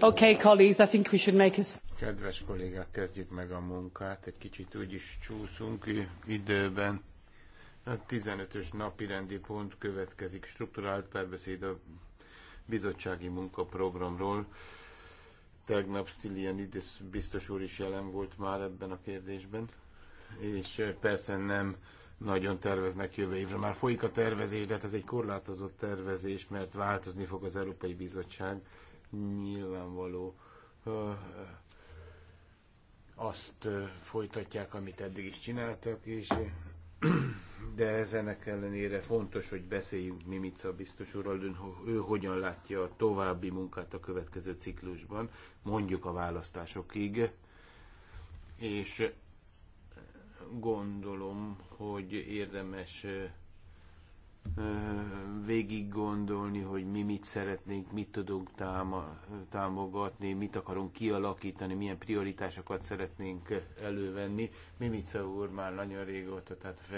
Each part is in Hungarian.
Okay, colleagues, I think we should make Kedves kollégák, kezdjük meg a munkát. Egy kicsit úgy is csúszunk időben. A 15-ös napi rendi pont következik strukturált párbeszéd a bizottsági munkaprogramról. Tegnap Stylianidis biztos úr is jelen volt már ebben a kérdésben, és persze nem nagyon terveznek jövő évre. Már folyik a tervezés, de hát ez egy korlátozott tervezés, mert változni fog az Európai Bizottság nyilvánvaló azt folytatják, amit eddig is csináltak, és de ezenek ellenére fontos, hogy beszéljünk Mimica biztos úrral, ő, ő hogyan látja a további munkát a következő ciklusban, mondjuk a választásokig, és gondolom, hogy érdemes végig gondolni, hogy mi mit szeretnénk, mit tudunk támogatni, mit akarunk kialakítani, milyen prioritásokat szeretnénk elővenni. Mimica úr már nagyon régóta, tehát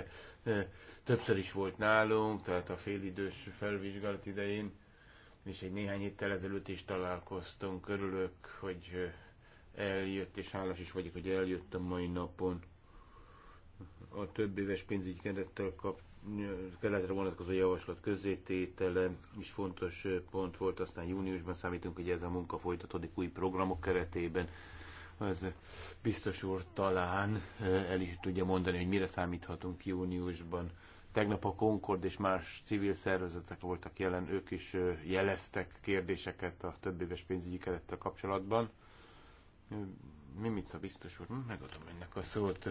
többször is volt nálunk, tehát a félidős felvizsgálat idején, és egy néhány héttel ezelőtt is találkoztunk. Örülök, hogy eljött, és hálás is vagyok, hogy eljött a mai napon a több éves pénzügyi kerettel kap keletre vonatkozó javaslat közzététele is fontos pont volt, aztán júniusban számítunk, hogy ez a munka folytatódik új programok keretében. Ez biztos úr talán eh, el is tudja mondani, hogy mire számíthatunk júniusban. Tegnap a Concord és más civil szervezetek voltak jelen, ők is eh, jeleztek kérdéseket a több éves pénzügyi kerettel kapcsolatban. Mimica biztos úr, hm, megadom ennek a szót.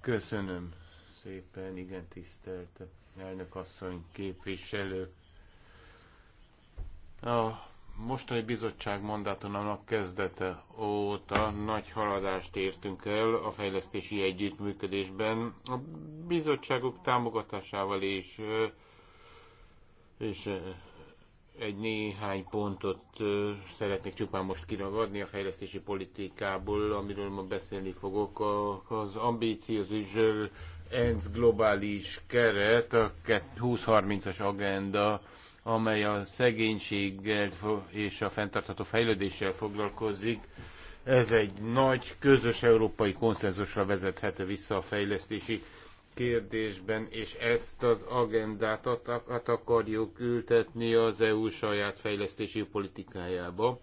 Köszönöm szépen, igen tisztelt elnök asszony képviselők. A mostani bizottság mandátumának kezdete óta nagy haladást értünk el a fejlesztési együttműködésben. A bizottságok támogatásával és, és egy néhány pontot szeretnék csupán most kiragadni a fejlesztési politikából, amiről ma beszélni fogok. Az ambíciózus ENSZ globális keret, a 2030-as agenda, amely a szegénységgel és a fenntartható fejlődéssel foglalkozik. Ez egy nagy, közös európai konszenzusra vezethető vissza a fejlesztési kérdésben, és ezt az agendát akarjuk ültetni az EU saját fejlesztési politikájába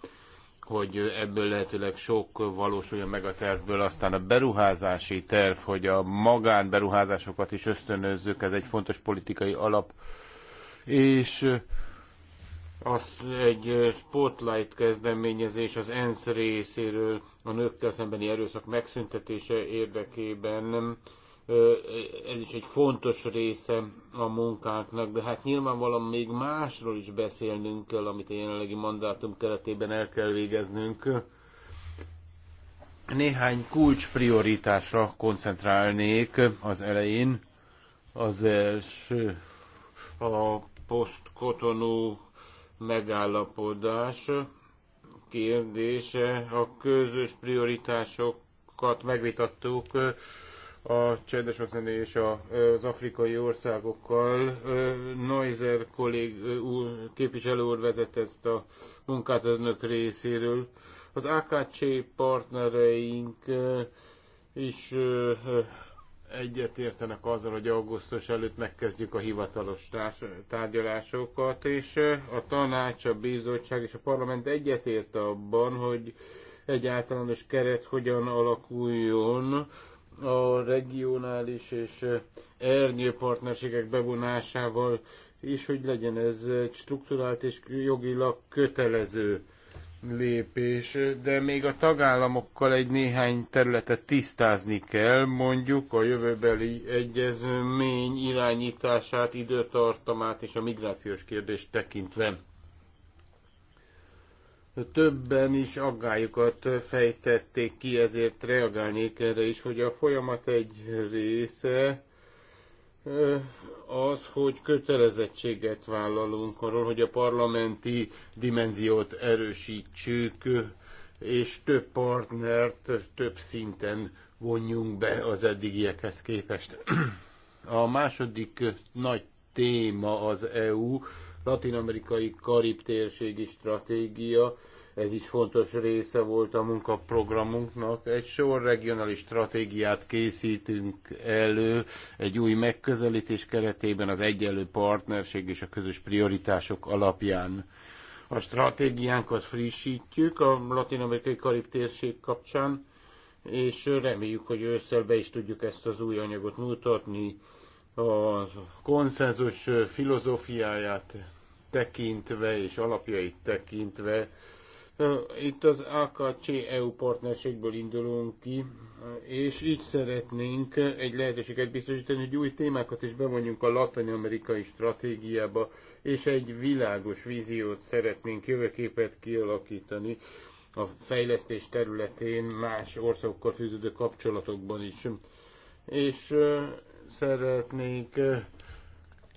hogy ebből lehetőleg sok valósuljon meg a tervből, aztán a beruházási terv, hogy a magánberuházásokat is ösztönözzük, ez egy fontos politikai alap, és eh, az egy eh, spotlight kezdeményezés az ENSZ részéről a nőkkel szembeni erőszak megszüntetése érdekében ez is egy fontos része a munkánknak, de hát nyilvánvalóan még másról is beszélnünk kell, amit a jelenlegi mandátum keretében el kell végeznünk. Néhány kulcs prioritásra koncentrálnék az elején. Az első a posztkotonú megállapodás kérdése. A közös prioritásokat megvitattuk a csendes óceáni és a, az afrikai országokkal. Neuser kollég úr, képviselő úr vezet ezt a munkát az önök részéről. Az AKC partnereink is egyetértenek azzal, hogy augusztus előtt megkezdjük a hivatalos tárgyalásokat, és a tanács, a bizottság és a parlament egyetért abban, hogy egy általános keret hogyan alakuljon a regionális és ernyő partnerségek bevonásával, és hogy legyen ez strukturált és jogilag kötelező lépés, de még a tagállamokkal egy néhány területet tisztázni kell, mondjuk a jövőbeli egyezmény irányítását, időtartamát és a migrációs kérdést tekintve. Többen is aggályokat fejtették ki, ezért reagálnék erre is, hogy a folyamat egy része az, hogy kötelezettséget vállalunk arról, hogy a parlamenti dimenziót erősítsük, és több partnert több szinten vonjunk be az eddigiekhez képest. A második nagy téma az EU latinamerikai karib térségi stratégia, ez is fontos része volt a munkaprogramunknak. Egy sor regionális stratégiát készítünk elő egy új megközelítés keretében az egyenlő partnerség és a közös prioritások alapján. A stratégiánkat frissítjük a latin-amerikai karib térség kapcsán, és reméljük, hogy ősszel be is tudjuk ezt az új anyagot mutatni a konszenzus filozófiáját tekintve és alapjait tekintve, itt az AKC-EU partnerségből indulunk ki, és így szeretnénk egy lehetőséget biztosítani, hogy új témákat is bevonjunk a latin-amerikai stratégiába, és egy világos víziót szeretnénk jövőképet kialakítani a fejlesztés területén, más országokkal fűződő kapcsolatokban is. És szeretnénk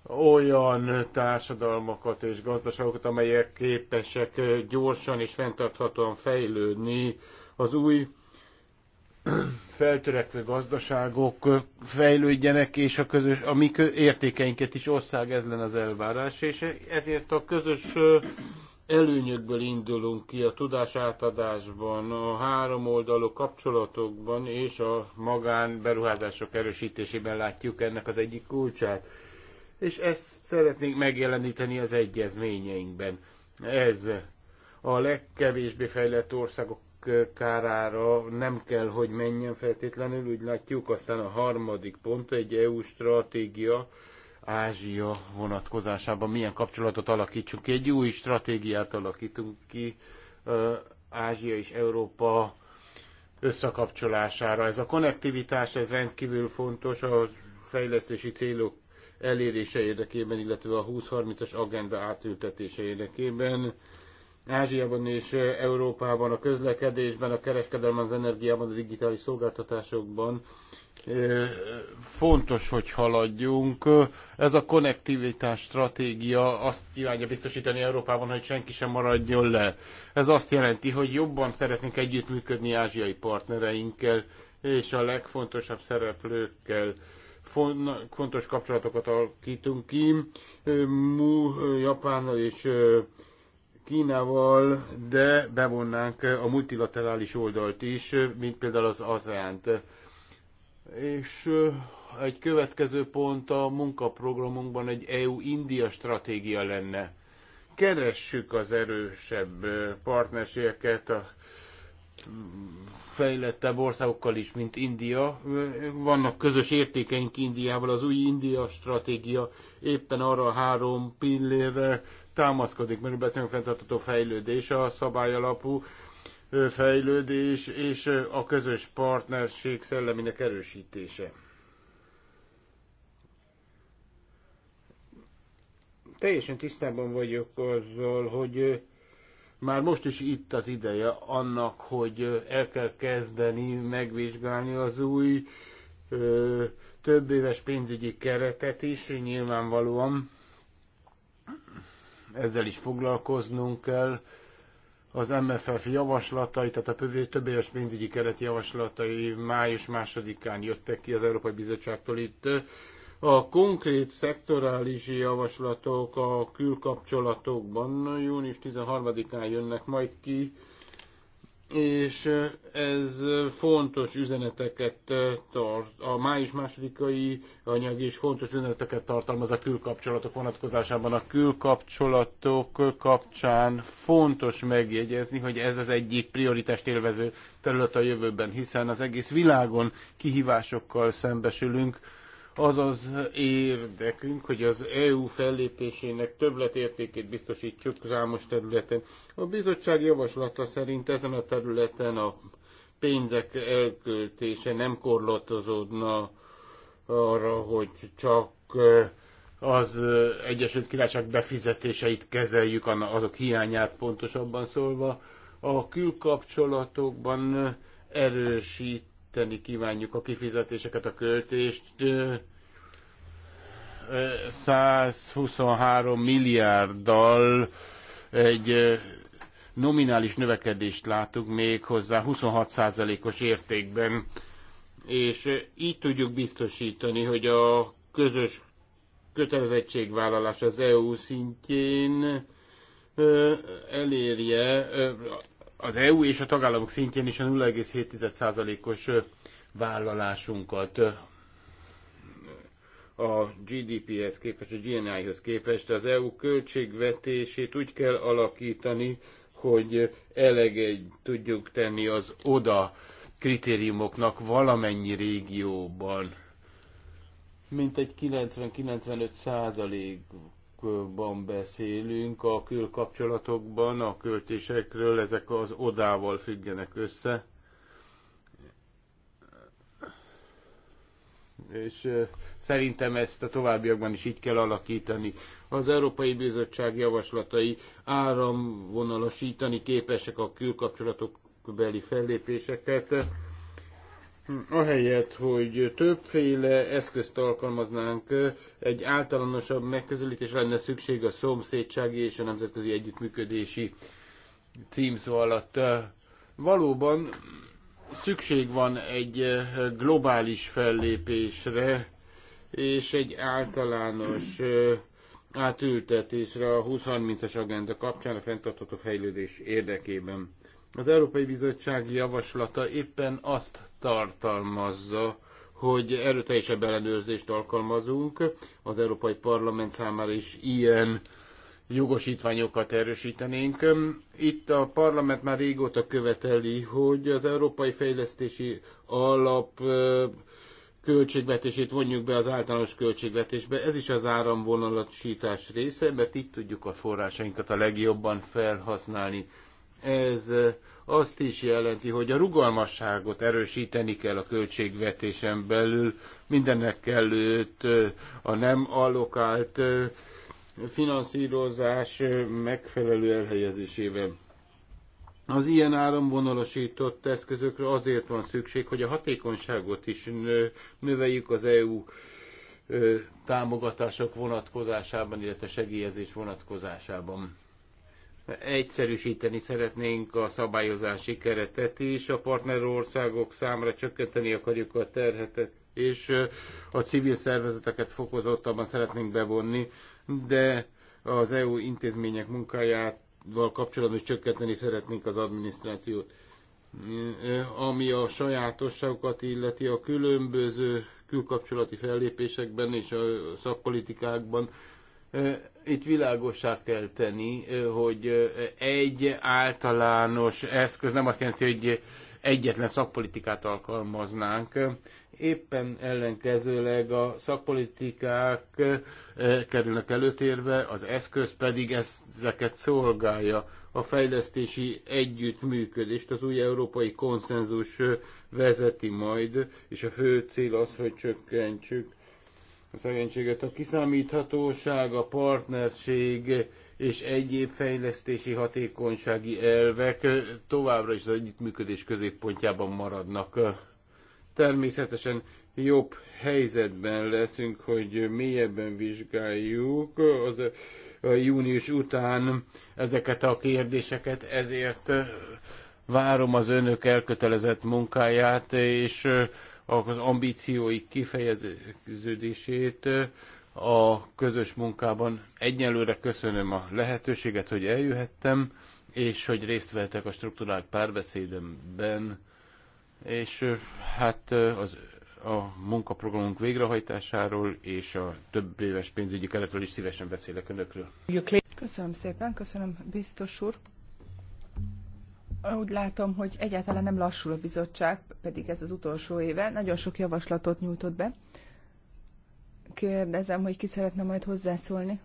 olyan társadalmakat és gazdaságokat, amelyek képesek gyorsan és fenntarthatóan fejlődni. Az új feltörekvő gazdaságok fejlődjenek, és a, közös, a mi értékeinket is ország ez lenne az elvárás, és ezért a közös előnyökből indulunk ki a tudásátadásban, a három oldalú kapcsolatokban és a magán beruházások erősítésében látjuk ennek az egyik kulcsát. És ezt szeretnénk megjeleníteni az egyezményeinkben. Ez a legkevésbé fejlett országok kárára nem kell, hogy menjen feltétlenül, úgy látjuk. Aztán a harmadik pont egy EU stratégia, Ázsia vonatkozásában milyen kapcsolatot alakítsunk ki. Egy új stratégiát alakítunk ki Ázsia és Európa összekapcsolására. Ez a konnektivitás ez rendkívül fontos a fejlesztési célok elérése érdekében, illetve a 2030-as agenda átültetése érdekében. Ázsiában és Európában, a közlekedésben, a kereskedelemben, az energiában, a digitális szolgáltatásokban fontos, hogy haladjunk. Ez a konnektivitás stratégia azt kívánja biztosítani Európában, hogy senki sem maradjon le. Ez azt jelenti, hogy jobban szeretnénk együttműködni ázsiai partnereinkkel és a legfontosabb szereplőkkel fontos kapcsolatokat alakítunk ki, Japánnal és Kínával, de bevonnánk a multilaterális oldalt is, mint például az ASEAN-t. És egy következő pont a munkaprogramunkban egy EU-India stratégia lenne. Keressük az erősebb partnerségeket a mm, fejlettebb országokkal is, mint India. Vannak közös értékeink Indiával, az új India stratégia éppen arra a három pillérre támaszkodik, mert beszélünk fenntartató fejlődés, a szabályalapú fejlődés és a közös partnerség szellemének erősítése. Teljesen tisztában vagyok azzal, hogy már most is itt az ideje annak, hogy el kell kezdeni megvizsgálni az új ö, több éves pénzügyi keretet is, nyilvánvalóan ezzel is foglalkoznunk kell. Az MFF javaslatai, tehát a több éves pénzügyi keret javaslatai május másodikán jöttek ki az Európai Bizottságtól itt. A konkrét szektorális javaslatok a külkapcsolatokban június 13-án jönnek majd ki, és ez fontos üzeneteket tart, a május másodikai anyag is fontos üzeneteket tartalmaz a külkapcsolatok vonatkozásában. A külkapcsolatok kapcsán fontos megjegyezni, hogy ez az egyik prioritást élvező terület a jövőben, hiszen az egész világon kihívásokkal szembesülünk, az az érdekünk, hogy az EU fellépésének többletértékét biztosítsuk számos területen. A bizottság javaslata szerint ezen a területen a pénzek elköltése nem korlátozódna arra, hogy csak eh, az eh, Egyesült Királyság befizetéseit kezeljük, azok hiányát pontosabban szólva. A külkapcsolatokban eh, erősít csökkenteni kívánjuk a kifizetéseket, a költést. 123 milliárddal egy nominális növekedést látunk még hozzá 26%-os értékben, és így tudjuk biztosítani, hogy a közös kötelezettségvállalás az EU szintjén elérje az EU és a tagállamok szintjén is a 0,7%-os vállalásunkat a GDP-hez képest, a GNI-hoz képest az EU költségvetését úgy kell alakítani, hogy eleget tudjuk tenni az oda kritériumoknak valamennyi régióban. Mint egy 90-95 százalék dolgokban beszélünk, a külkapcsolatokban, a költésekről, ezek az odával függenek össze. És szerintem ezt a továbbiakban is így kell alakítani. Az Európai Bizottság javaslatai áramvonalasítani képesek a külkapcsolatok beli fellépéseket Hm, ahelyett, hogy többféle eszközt alkalmaznánk, egy általánosabb megközelítés lenne szükség a szomszédsági és a nemzetközi együttműködési címszó alatt. Valóban szükség van egy globális fellépésre, és egy általános átültetésre a 2030-as agenda kapcsán a fenntartható fejlődés érdekében. Az Európai Bizottság javaslata éppen azt tartalmazza, hogy erőteljesebb ellenőrzést alkalmazunk, az Európai Parlament számára is ilyen jogosítványokat erősítenénk. Itt a parlament már régóta követeli, hogy az Európai Fejlesztési Alap költségvetését vonjuk be az általános költségvetésbe. Ez is az áramvonalatsítás része, mert itt tudjuk a forrásainkat a legjobban felhasználni. Ez azt is jelenti, hogy a rugalmasságot erősíteni kell a költségvetésen belül, mindennek előtt a nem allokált finanszírozás megfelelő elhelyezésével. Az ilyen áramvonalasított eszközökre azért van szükség, hogy a hatékonyságot is növeljük az EU támogatások vonatkozásában, illetve segélyezés vonatkozásában Egyszerűsíteni szeretnénk a szabályozási keretet is, a partnerországok számra csökkenteni akarjuk a terhetet, és a civil szervezeteket fokozottabban szeretnénk bevonni, de az EU intézmények munkájával kapcsolatban is csökkenteni szeretnénk az adminisztrációt. Ami a sajátosságokat illeti a különböző külkapcsolati fellépésekben és a szakpolitikákban, itt világosá kell tenni, hogy egy általános eszköz nem azt jelenti, hogy egyetlen szakpolitikát alkalmaznánk. Éppen ellenkezőleg a szakpolitikák kerülnek előtérbe, az eszköz pedig ezeket szolgálja. A fejlesztési együttműködést az új európai konszenzus vezeti majd, és a fő cél az, hogy csökkentsük szegénységet. A kiszámíthatóság, a partnerség és egyéb fejlesztési hatékonysági elvek továbbra is az együttműködés középpontjában maradnak. Természetesen jobb helyzetben leszünk, hogy mélyebben vizsgáljuk az június után ezeket a kérdéseket, ezért várom az önök elkötelezett munkáját, és az ambícióik kifejeződését a közös munkában. Egyelőre köszönöm a lehetőséget, hogy eljöhettem, és hogy részt vettek a struktúrált párbeszédemben, és hát az, a munkaprogramunk végrehajtásáról és a több éves pénzügyi keretről is szívesen beszélek önökről. Köszönöm szépen, köszönöm biztos úr. Úgy látom, hogy egyáltalán nem lassul a bizottság, pedig ez az utolsó éve. Nagyon sok javaslatot nyújtott be. Kérdezem, hogy ki szeretne majd hozzászólni.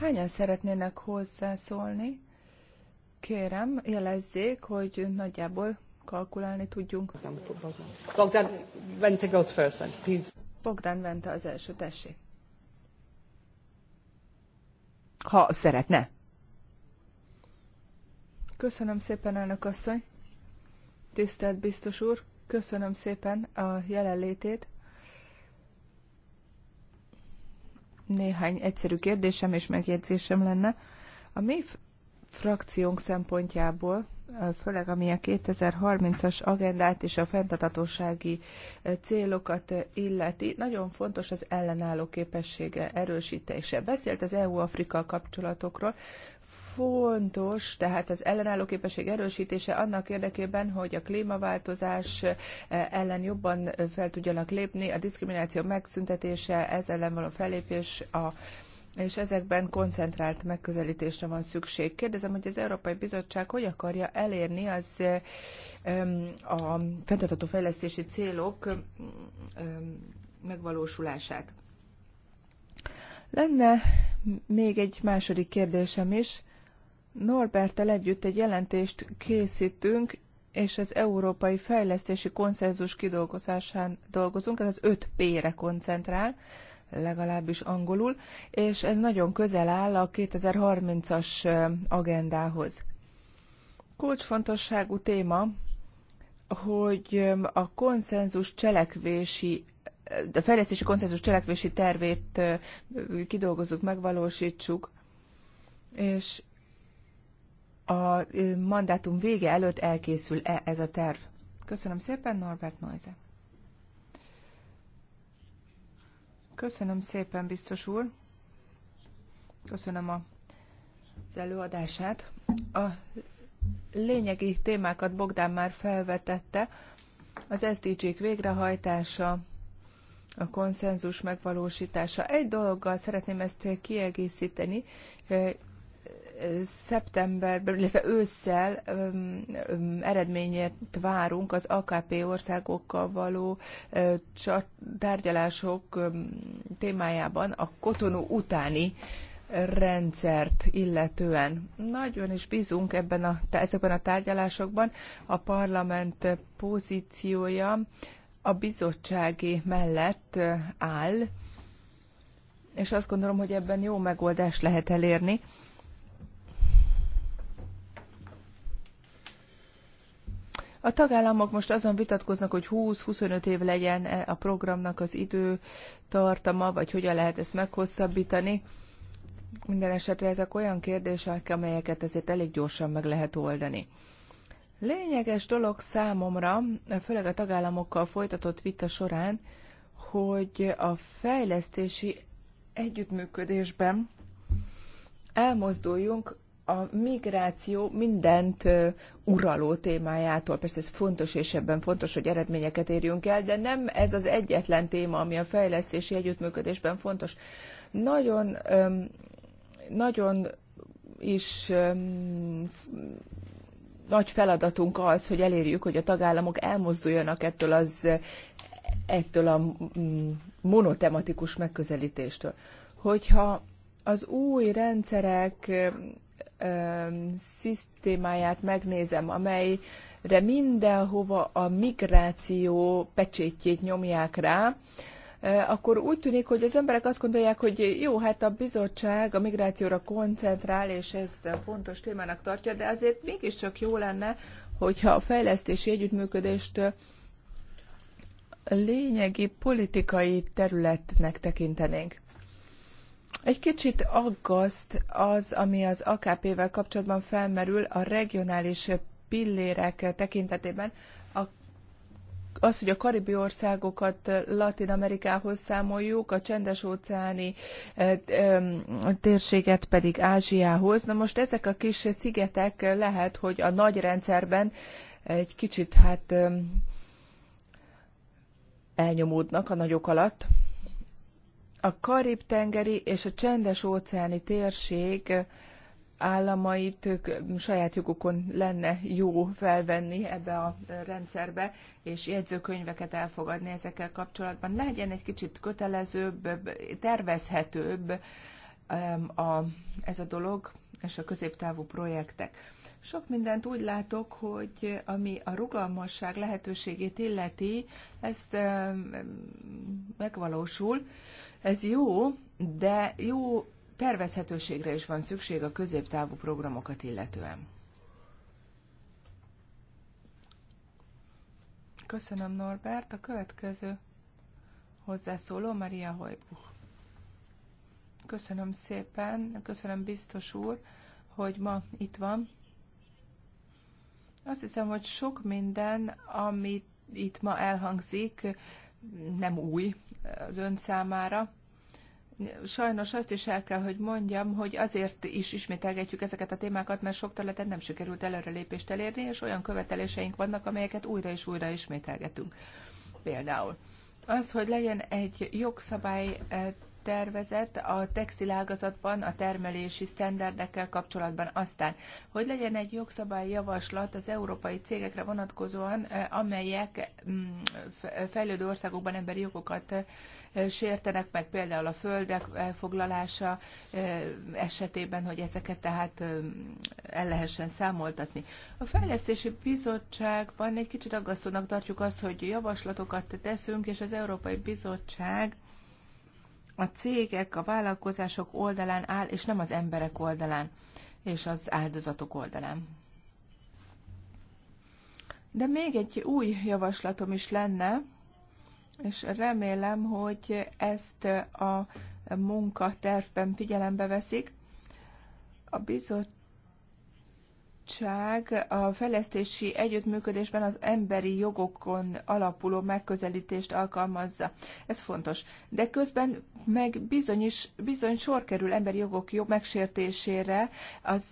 Hányan szeretnének hozzászólni? Kérem, jelezzék, hogy nagyjából kalkulálni tudjunk. Bogdan Vente goes first, please. Bogdan Vente az első, tessék ha szeretne. Köszönöm szépen, elnök asszony. Tisztelt biztos úr, köszönöm szépen a jelenlétét. Néhány egyszerű kérdésem és megjegyzésem lenne. A mi frakciónk szempontjából főleg ami a 2030-as agendát és a fenntartatósági eh, célokat eh, illeti, nagyon fontos az ellenálló képessége erősítése. Beszélt az EU-Afrika kapcsolatokról, fontos, tehát az ellenálló képesség erősítése annak érdekében, hogy a klímaváltozás eh, ellen jobban fel tudjanak lépni, a diszkrimináció megszüntetése, ez ellen való felépés a és ezekben koncentrált megközelítésre van szükség. Kérdezem, hogy az Európai Bizottság hogy akarja elérni az a fenntartható fejlesztési célok megvalósulását. Lenne még egy második kérdésem is. Norbertel együtt egy jelentést készítünk, és az Európai Fejlesztési Konszenzus kidolgozásán dolgozunk, ez az 5P-re koncentrál legalábbis angolul, és ez nagyon közel áll a 2030-as agendához. Kulcsfontosságú téma, hogy a konszenzus cselekvési a fejlesztési konszenzus cselekvési tervét kidolgozzuk, megvalósítsuk, és a mandátum vége előtt elkészül -e ez a terv. Köszönöm szépen, Norbert Noize. Köszönöm szépen, biztos úr. Köszönöm a, az előadását. A lényegi témákat Bogdán már felvetette. Az SDG-k végrehajtása, a konszenzus megvalósítása. Egy dologgal szeretném ezt kiegészíteni, szeptemberben, illetve ősszel eredményét várunk az AKP országokkal való tárgyalások témájában a kotonó utáni rendszert illetően. Nagyon is bízunk ebben a, ezekben a tárgyalásokban. A parlament pozíciója a bizottsági mellett áll, és azt gondolom, hogy ebben jó megoldást lehet elérni. A tagállamok most azon vitatkoznak, hogy 20-25 év legyen -e a programnak az idő tartama, vagy hogyan lehet ezt meghosszabbítani. Minden esetre ezek olyan kérdések, amelyeket ezért elég gyorsan meg lehet oldani. Lényeges dolog számomra, főleg a tagállamokkal folytatott vita során, hogy a fejlesztési együttműködésben elmozduljunk a migráció mindent uraló témájától. Persze ez fontos, és ebben fontos, hogy eredményeket érjünk el, de nem ez az egyetlen téma, ami a fejlesztési együttműködésben fontos. Nagyon, nagyon is nagy feladatunk az, hogy elérjük, hogy a tagállamok elmozduljanak ettől az ettől a mm, monotematikus megközelítéstől. Hogyha az új rendszerek szisztémáját megnézem, amelyre mindenhova a migráció pecsétjét nyomják rá, akkor úgy tűnik, hogy az emberek azt gondolják, hogy jó, hát a bizottság a migrációra koncentrál, és ezt fontos témának tartja, de azért mégiscsak jó lenne, hogyha a fejlesztési együttműködést lényegi politikai területnek tekintenénk. Egy kicsit aggaszt az, ami az AKP-vel kapcsolatban felmerül a regionális pillérek tekintetében, a, az, hogy a karibi országokat Latin Amerikához számoljuk, a csendes óceáni e, e, térséget pedig Ázsiához. Na most ezek a kis szigetek lehet, hogy a nagy rendszerben egy kicsit hát e, elnyomódnak a nagyok alatt a Karib-tengeri és a Csendes-óceáni térség államait saját jogukon lenne jó felvenni ebbe a rendszerbe, és jegyzőkönyveket elfogadni ezekkel kapcsolatban. Legyen egy kicsit kötelezőbb, tervezhetőbb a, ez a dolog, és a középtávú projektek. Sok mindent úgy látok, hogy ami a rugalmasság lehetőségét illeti, ezt megvalósul. Ez jó, de jó tervezhetőségre is van szükség a középtávú programokat illetően. Köszönöm, Norbert. A következő hozzászóló Maria Hojbuch. Köszönöm szépen, köszönöm biztos úr, hogy ma itt van. Azt hiszem, hogy sok minden, amit itt ma elhangzik, nem új az ön számára. Sajnos azt is el kell, hogy mondjam, hogy azért is ismételgetjük ezeket a témákat, mert sok területen nem sikerült előrelépést elérni, és olyan követeléseink vannak, amelyeket újra és újra ismételgetünk. Például az, hogy legyen egy jogszabály eh, tervezet a textilágazatban a termelési sztenderdekkel kapcsolatban. Aztán, hogy legyen egy jogszabályjavaslat az európai cégekre vonatkozóan, eh, amelyek mm, fejlődő országokban emberi jogokat eh, sértenek meg, például a földek foglalása eh, esetében, hogy ezeket tehát el lehessen számoltatni. A Fejlesztési Bizottságban egy kicsit aggasztónak tartjuk azt, hogy javaslatokat teszünk, és az Európai Bizottság a cégek, a vállalkozások oldalán áll, és nem az emberek oldalán, és az áldozatok oldalán. De még egy új javaslatom is lenne, és remélem, hogy ezt a munkatervben figyelembe veszik. A bizott bizottság a fejlesztési együttműködésben az emberi jogokon alapuló megközelítést alkalmazza. Ez fontos. De közben meg bizony, is, bizony sor kerül emberi jogok jobb megsértésére az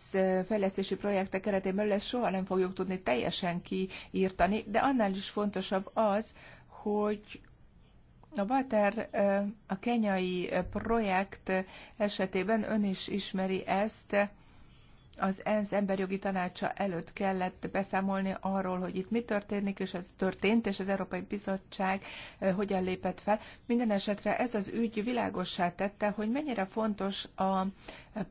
fejlesztési projektek keretében belül, ezt soha nem fogjuk tudni teljesen kiírtani, de annál is fontosabb az, hogy a Walter a kenyai projekt esetében ön is ismeri ezt, az ENSZ emberjogi tanácsa előtt kellett beszámolni arról, hogy itt mi történik, és ez történt, és az Európai Bizottság hogyan lépett fel. Minden esetre ez az ügy világossá tette, hogy mennyire fontos a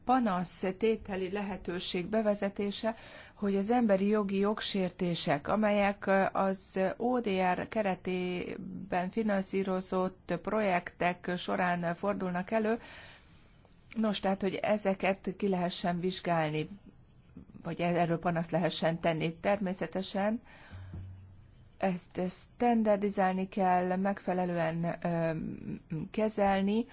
panasz tételi lehetőség bevezetése, hogy az emberi jogi jogsértések, amelyek az ODR keretében finanszírozott projektek során fordulnak elő, Nos, tehát, hogy ezeket ki lehessen vizsgálni, vagy e- erről panaszt lehessen tenni. Természetesen ezt standardizálni kell, megfelelően kezelni,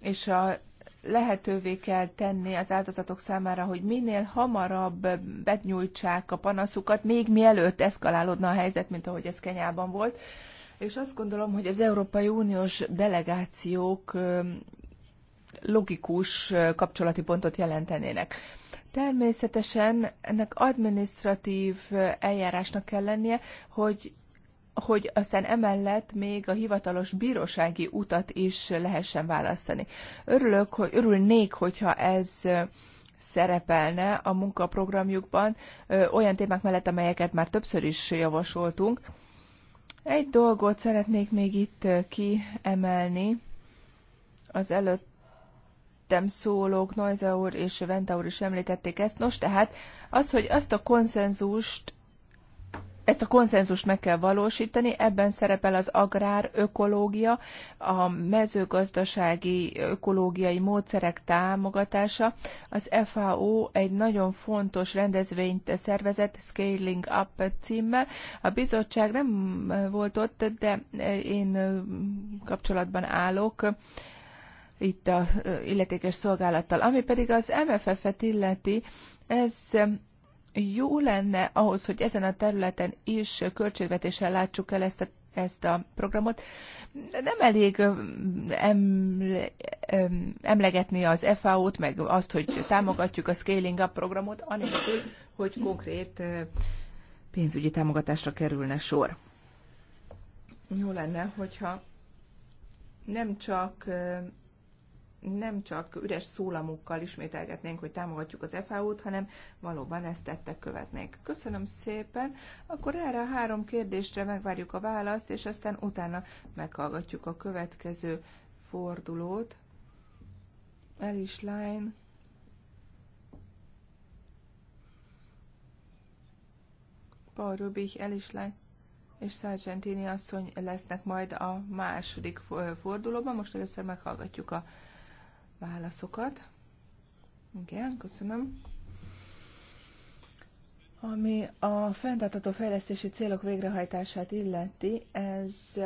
és a lehetővé kell tenni az áldozatok számára, hogy minél hamarabb betnyújtsák a panaszukat, még mielőtt eszkalálódna a helyzet, mint ahogy ez Kenyában volt. És azt gondolom, hogy az Európai Uniós delegációk logikus kapcsolati pontot jelentenének. Természetesen ennek administratív eljárásnak kell lennie, hogy hogy aztán emellett még a hivatalos bírósági utat is lehessen választani. Örülök, hogy örülnék, hogyha ez szerepelne a munkaprogramjukban olyan témák mellett, amelyeket már többször is javasoltunk. Egy dolgot szeretnék még itt kiemelni az előtt előttem szólók, Noiza úr és Venta úr is említették ezt. Nos, tehát azt, hogy azt a konszenzust, ezt a konszenzust meg kell valósítani, ebben szerepel az agrár ökológia, a mezőgazdasági ökológiai módszerek támogatása. Az FAO egy nagyon fontos rendezvényt szervezett, Scaling Up címmel. A bizottság nem volt ott, de én kapcsolatban állok itt a illetékes szolgálattal. Ami pedig az MFF-et illeti, ez jó lenne ahhoz, hogy ezen a területen is költségvetéssel látsuk el ezt a, ezt a programot. Nem elég emle, emlegetni az FAO-t, meg azt, hogy támogatjuk a Scaling Up programot, anélkül, hogy konkrét pénzügyi támogatásra kerülne sor. Jó lenne, hogyha nem csak nem csak üres szólamokkal ismételgetnénk, hogy támogatjuk az FAO-t, hanem valóban ezt tettek követnék. Köszönöm szépen. Akkor erre a három kérdésre megvárjuk a választ, és aztán utána meghallgatjuk a következő fordulót. Elis Line. Paul Rubich, Elis Line és Sargentini asszony lesznek majd a második fordulóban. Most először meghallgatjuk a válaszokat. Igen, köszönöm. Ami a fenntartható fejlesztési célok végrehajtását illeti, ez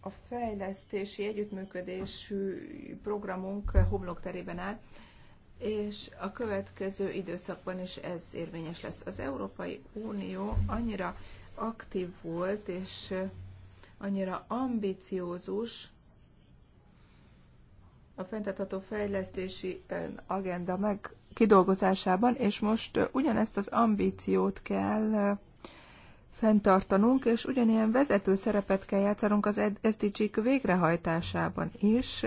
a fejlesztési együttműködésű programunk homlokterében áll, és a következő időszakban is ez érvényes lesz. Az Európai Unió annyira aktív volt, és annyira ambiciózus, a fenntartható fejlesztési agenda meg kidolgozásában, és most ugyanezt az ambíciót kell fenntartanunk, és ugyanilyen vezető szerepet kell játszanunk az SDG-k végrehajtásában is.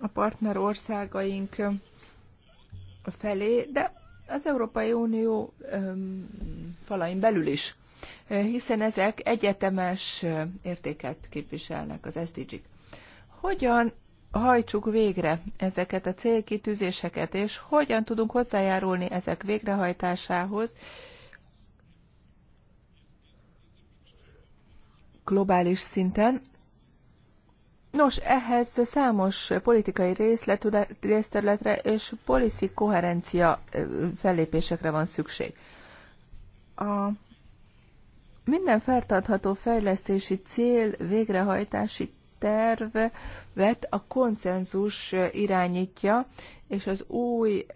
A partner országaink felé, de az Európai Unió falain belül is, hiszen ezek egyetemes értéket képviselnek az SDG-k. Hogyan hajtsuk végre ezeket a célkitűzéseket, és hogyan tudunk hozzájárulni ezek végrehajtásához globális szinten. Nos, ehhez számos politikai részterületre és policy koherencia fellépésekre van szükség. A minden fenntartható fejlesztési cél végrehajtási tervet a konszenzus irányítja, és az új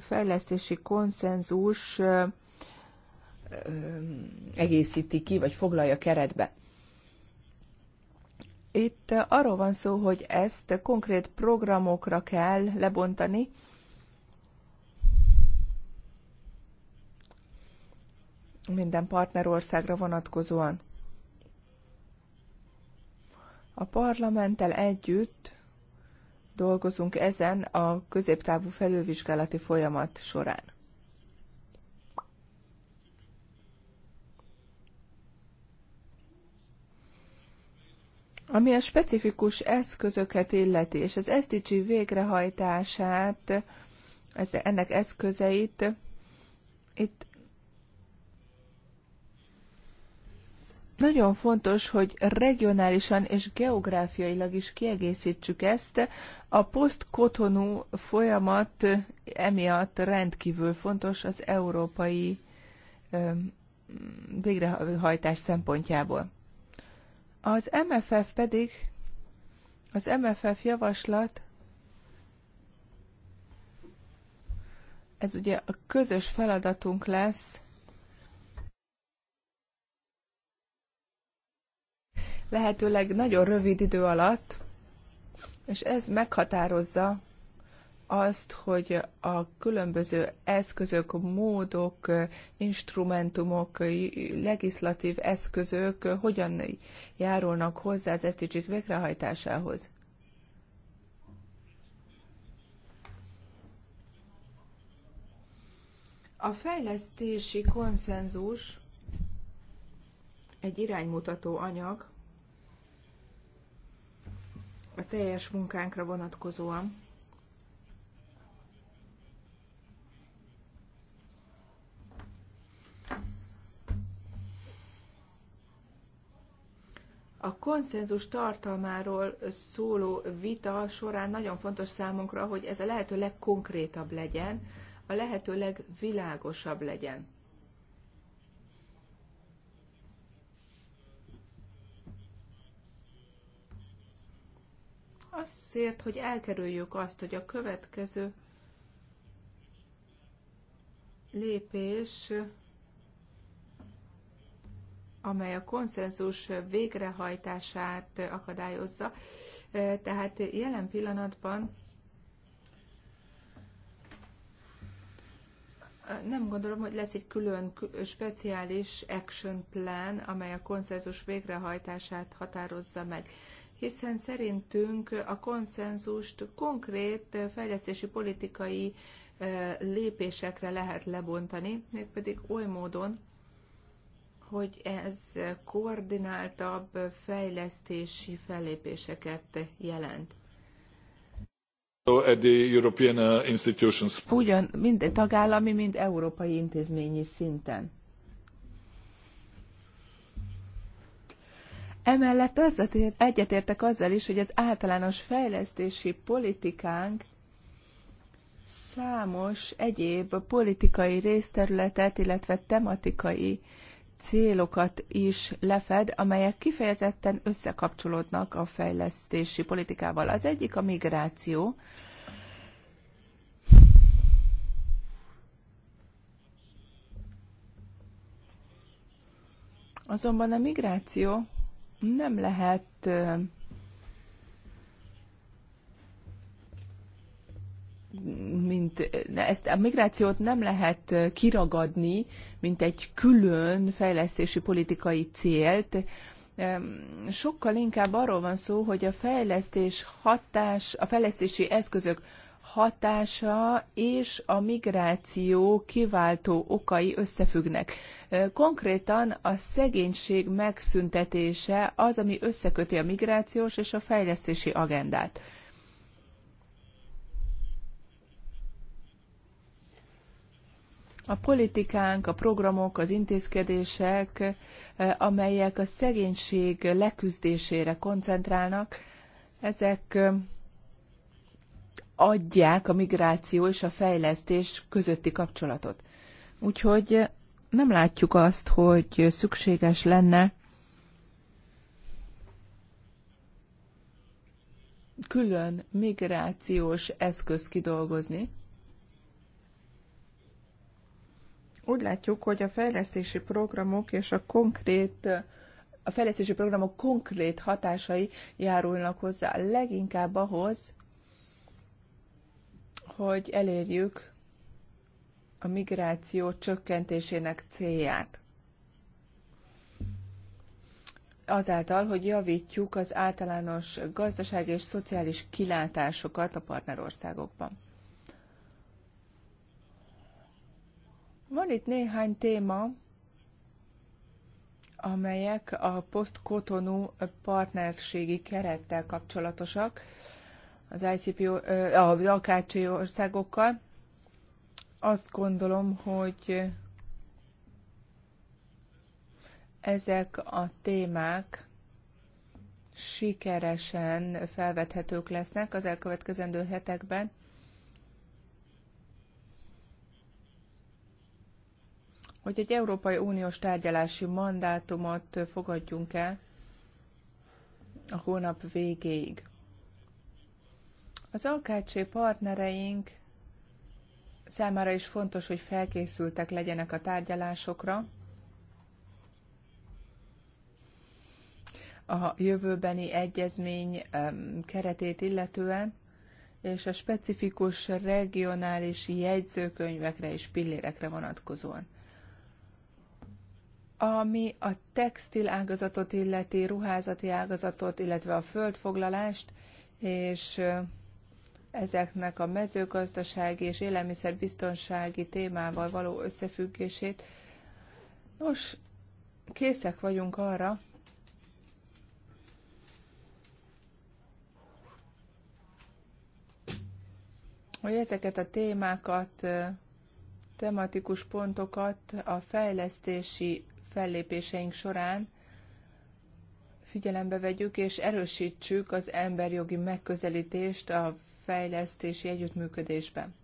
fejlesztési konszenzus egészíti ki, vagy foglalja keretbe. Itt arról van szó, hogy ezt konkrét programokra kell lebontani, minden partnerországra vonatkozóan. A parlamenttel együtt dolgozunk ezen a középtávú felülvizsgálati folyamat során. Ami a specifikus eszközöket illeti, és az SDG végrehajtását, ennek eszközeit, itt Nagyon fontos, hogy regionálisan és geográfiailag is kiegészítsük ezt. A posztkotonú folyamat emiatt rendkívül fontos az európai végrehajtás szempontjából. Az MFF pedig, az MFF javaslat, ez ugye a közös feladatunk lesz, lehetőleg nagyon rövid idő alatt, és ez meghatározza azt, hogy a különböző eszközök, módok, instrumentumok, legislatív eszközök hogyan járulnak hozzá az SDG-k végrehajtásához. A fejlesztési konszenzus egy iránymutató anyag, a teljes munkánkra vonatkozóan. A konszenzus tartalmáról szóló vita során nagyon fontos számunkra, hogy ez a lehető legkonkrétabb legyen, a lehető legvilágosabb legyen. Azért, hogy elkerüljük azt, hogy a következő lépés, amely a konszenzus végrehajtását akadályozza. E, tehát jelen pillanatban Nem gondolom, hogy lesz egy külön speciális action plan, amely a konszenzus végrehajtását határozza meg hiszen szerintünk a konszenzust konkrét fejlesztési politikai lépésekre lehet lebontani, mégpedig oly módon, hogy ez koordináltabb fejlesztési fellépéseket jelent. Uh, Ugyan mind tagállami, mind európai intézményi szinten. Emellett azért egyetértek azzal is, hogy az általános fejlesztési politikánk számos egyéb politikai részterületet, illetve tematikai célokat is lefed, amelyek kifejezetten összekapcsolódnak a fejlesztési politikával. Az egyik a migráció. Azonban a migráció nem lehet mint ezt a migrációt nem lehet kiragadni, mint egy külön fejlesztési politikai célt. Sokkal inkább arról van szó, hogy a fejlesztés hatás, a fejlesztési eszközök hatása és a migráció kiváltó okai összefüggnek. Konkrétan a szegénység megszüntetése az, ami összeköti a migrációs és a fejlesztési agendát. A politikánk, a programok, az intézkedések, amelyek a szegénység leküzdésére koncentrálnak, ezek adják a migráció és a fejlesztés közötti kapcsolatot. Úgyhogy nem látjuk azt, hogy szükséges lenne külön migrációs eszközt kidolgozni. Úgy látjuk, hogy a fejlesztési programok és a konkrét a fejlesztési programok konkrét hatásai járulnak hozzá leginkább ahhoz, hogy elérjük a migráció csökkentésének célját. Azáltal, hogy javítjuk az általános gazdasági és szociális kilátásokat a partnerországokban. Van itt néhány téma, amelyek a posztkotonú partnerségi kerettel kapcsolatosak az ICP, a AKC országokkal. Azt gondolom, hogy ezek a témák sikeresen felvethetők lesznek az elkövetkezendő hetekben. Hogy egy Európai Uniós tárgyalási mandátumot fogadjunk el a hónap végéig. Az AKC partnereink számára is fontos, hogy felkészültek legyenek a tárgyalásokra. a jövőbeni egyezmény keretét illetően, és a specifikus regionális jegyzőkönyvekre és pillérekre vonatkozóan. Ami a textil ágazatot illeti, ruházati ágazatot, illetve a földfoglalást, és ezeknek a mezőgazdasági és élelmiszerbiztonsági témával való összefüggését. Nos, készek vagyunk arra, hogy ezeket a témákat, tematikus pontokat a fejlesztési fellépéseink során figyelembe vegyük és erősítsük az emberjogi megközelítést a fejlesztési együttműködésben.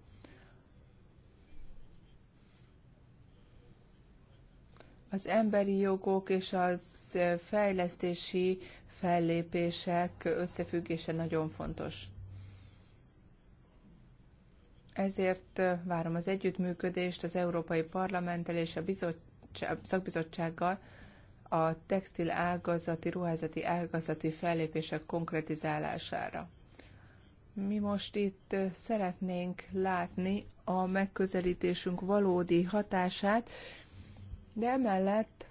Az emberi jogok és az fejlesztési fellépések összefüggése nagyon fontos. Ezért várom az együttműködést az Európai Parlamenttel és a szakbizottsággal a textil ágazati, ruházati ágazati fellépések konkretizálására. Mi most itt szeretnénk látni a megközelítésünk valódi hatását, de emellett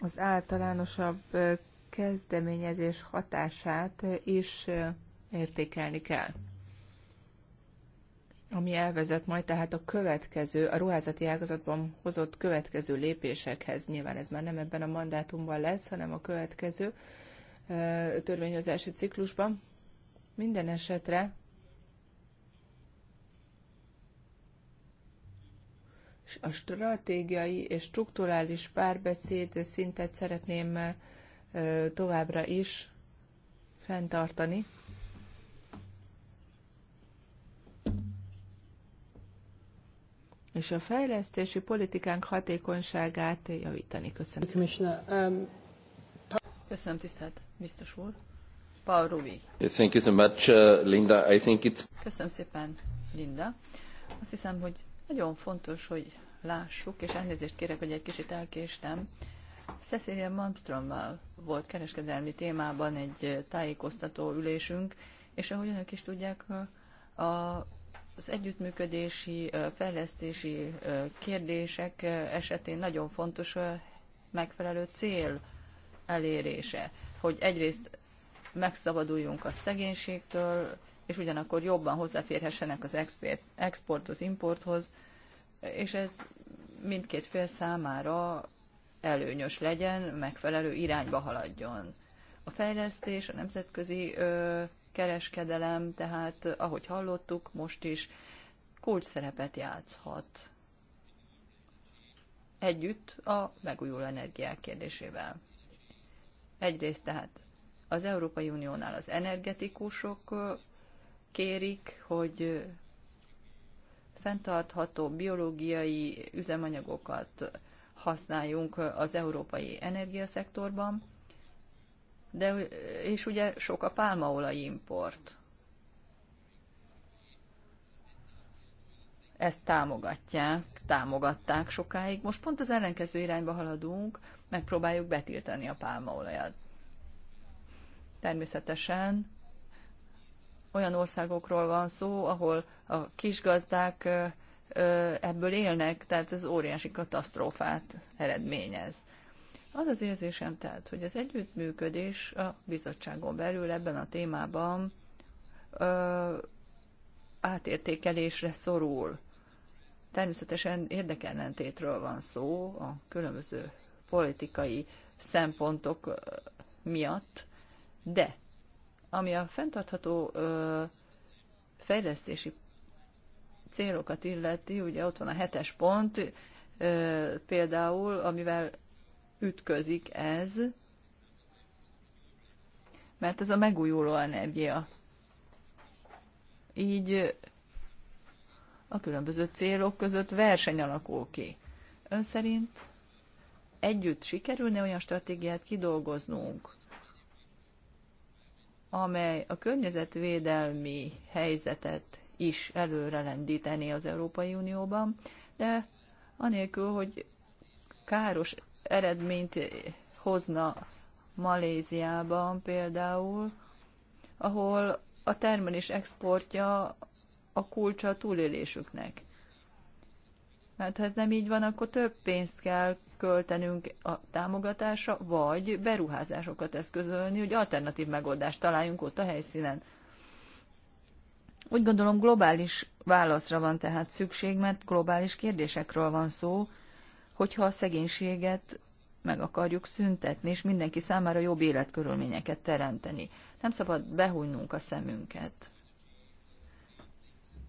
az általánosabb kezdeményezés hatását is értékelni kell ami elvezet majd tehát a következő, a ruházati ágazatban hozott következő lépésekhez. Nyilván ez már nem ebben a mandátumban lesz, hanem a következő törvényozási ciklusban. Minden esetre a stratégiai és strukturális párbeszéd szintet szeretném továbbra is fenntartani. és a fejlesztési politikánk hatékonyságát javítani. Köszönöm. Um, Köszönöm, tisztelt biztos úr. Paul Rubi. Thank you so much, uh, Linda. I think it's... Köszönöm szépen, Linda. Azt hiszem, hogy nagyon fontos, hogy lássuk, és elnézést kérek, hogy egy kicsit elkéstem. Cecilia Malmstrommal volt kereskedelmi témában egy tájékoztató ülésünk, és ahogy önök is tudják, a az együttműködési, fejlesztési kérdések esetén nagyon fontos a megfelelő cél elérése, hogy egyrészt megszabaduljunk a szegénységtől, és ugyanakkor jobban hozzáférhessenek az exporthoz, importhoz, és ez mindkét fél számára előnyös legyen, megfelelő irányba haladjon. A fejlesztés, a nemzetközi kereskedelem, tehát ahogy hallottuk, most is kulcs szerepet játszhat együtt a megújuló energiák kérdésével. Egyrészt tehát az Európai Uniónál az energetikusok kérik, hogy fenntartható biológiai üzemanyagokat használjunk az európai energiaszektorban, de és ugye sok a pálmaolaj import. Ezt támogatják, támogatták sokáig. Most pont az ellenkező irányba haladunk, megpróbáljuk betiltani a pálmaolajat. Természetesen olyan országokról van szó, ahol a kisgazdák ebből élnek, tehát ez óriási katasztrófát eredményez. Az az érzésem tehát, hogy az együttműködés a bizottságon belül ebben a témában ö, átértékelésre szorul. Természetesen érdekellentétről van szó a különböző politikai szempontok miatt, de ami a fenntartható ö, fejlesztési célokat illeti, ugye ott van a hetes pont, ö, például, amivel ütközik ez, mert ez a megújuló energia. Így a különböző célok között verseny alakul ki. Ön szerint együtt sikerülne olyan stratégiát kidolgoznunk, amely a környezetvédelmi helyzetet is előre lendíteni az Európai Unióban, de anélkül, hogy káros eredményt hozna Maléziában például, ahol a termelés exportja a kulcsa a túlélésüknek. Mert ha ez nem így van, akkor több pénzt kell költenünk a támogatásra, vagy beruházásokat eszközölni, hogy alternatív megoldást találjunk ott a helyszínen. Úgy gondolom globális válaszra van tehát szükség, mert globális kérdésekről van szó, hogyha a szegénységet meg akarjuk szüntetni, és mindenki számára jobb életkörülményeket teremteni. Nem szabad behújnunk a szemünket.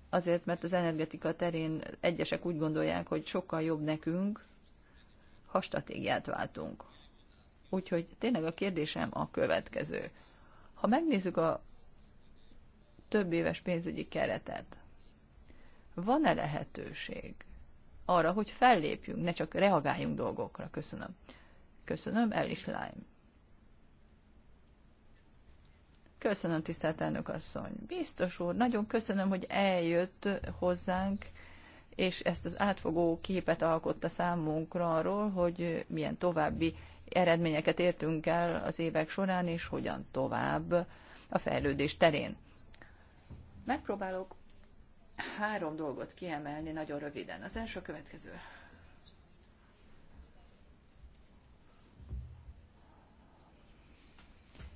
Azért, mert az energetika terén egyesek úgy gondolják, hogy sokkal jobb nekünk, ha stratégiát váltunk. Úgyhogy tényleg a kérdésem a következő. Ha megnézzük a több éves pénzügyi keretet, van-e lehetőség arra, hogy fellépjünk, ne csak reagáljunk dolgokra. Köszönöm. Köszönöm, el is Lime. Köszönöm, tisztelt elnök asszony. Biztos úr, nagyon köszönöm, hogy eljött hozzánk, és ezt az átfogó képet alkotta számunkra arról, hogy milyen további eredményeket értünk el az évek során, és hogyan tovább a fejlődés terén. Megpróbálok három dolgot kiemelni nagyon röviden. Az első a következő.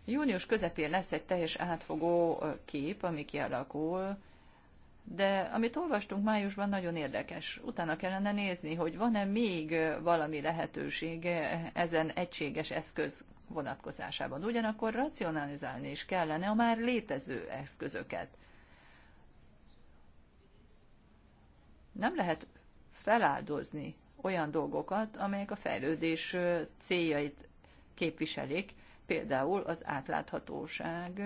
Június közepén lesz egy teljes átfogó kép, ami kialakul, de amit olvastunk májusban, nagyon érdekes. Utána kellene nézni, hogy van-e még valami lehetőség ezen egységes eszköz vonatkozásában. Ugyanakkor racionalizálni is kellene a már létező eszközöket. Nem lehet feláldozni olyan dolgokat, amelyek a fejlődés céljait képviselik, például az átláthatóság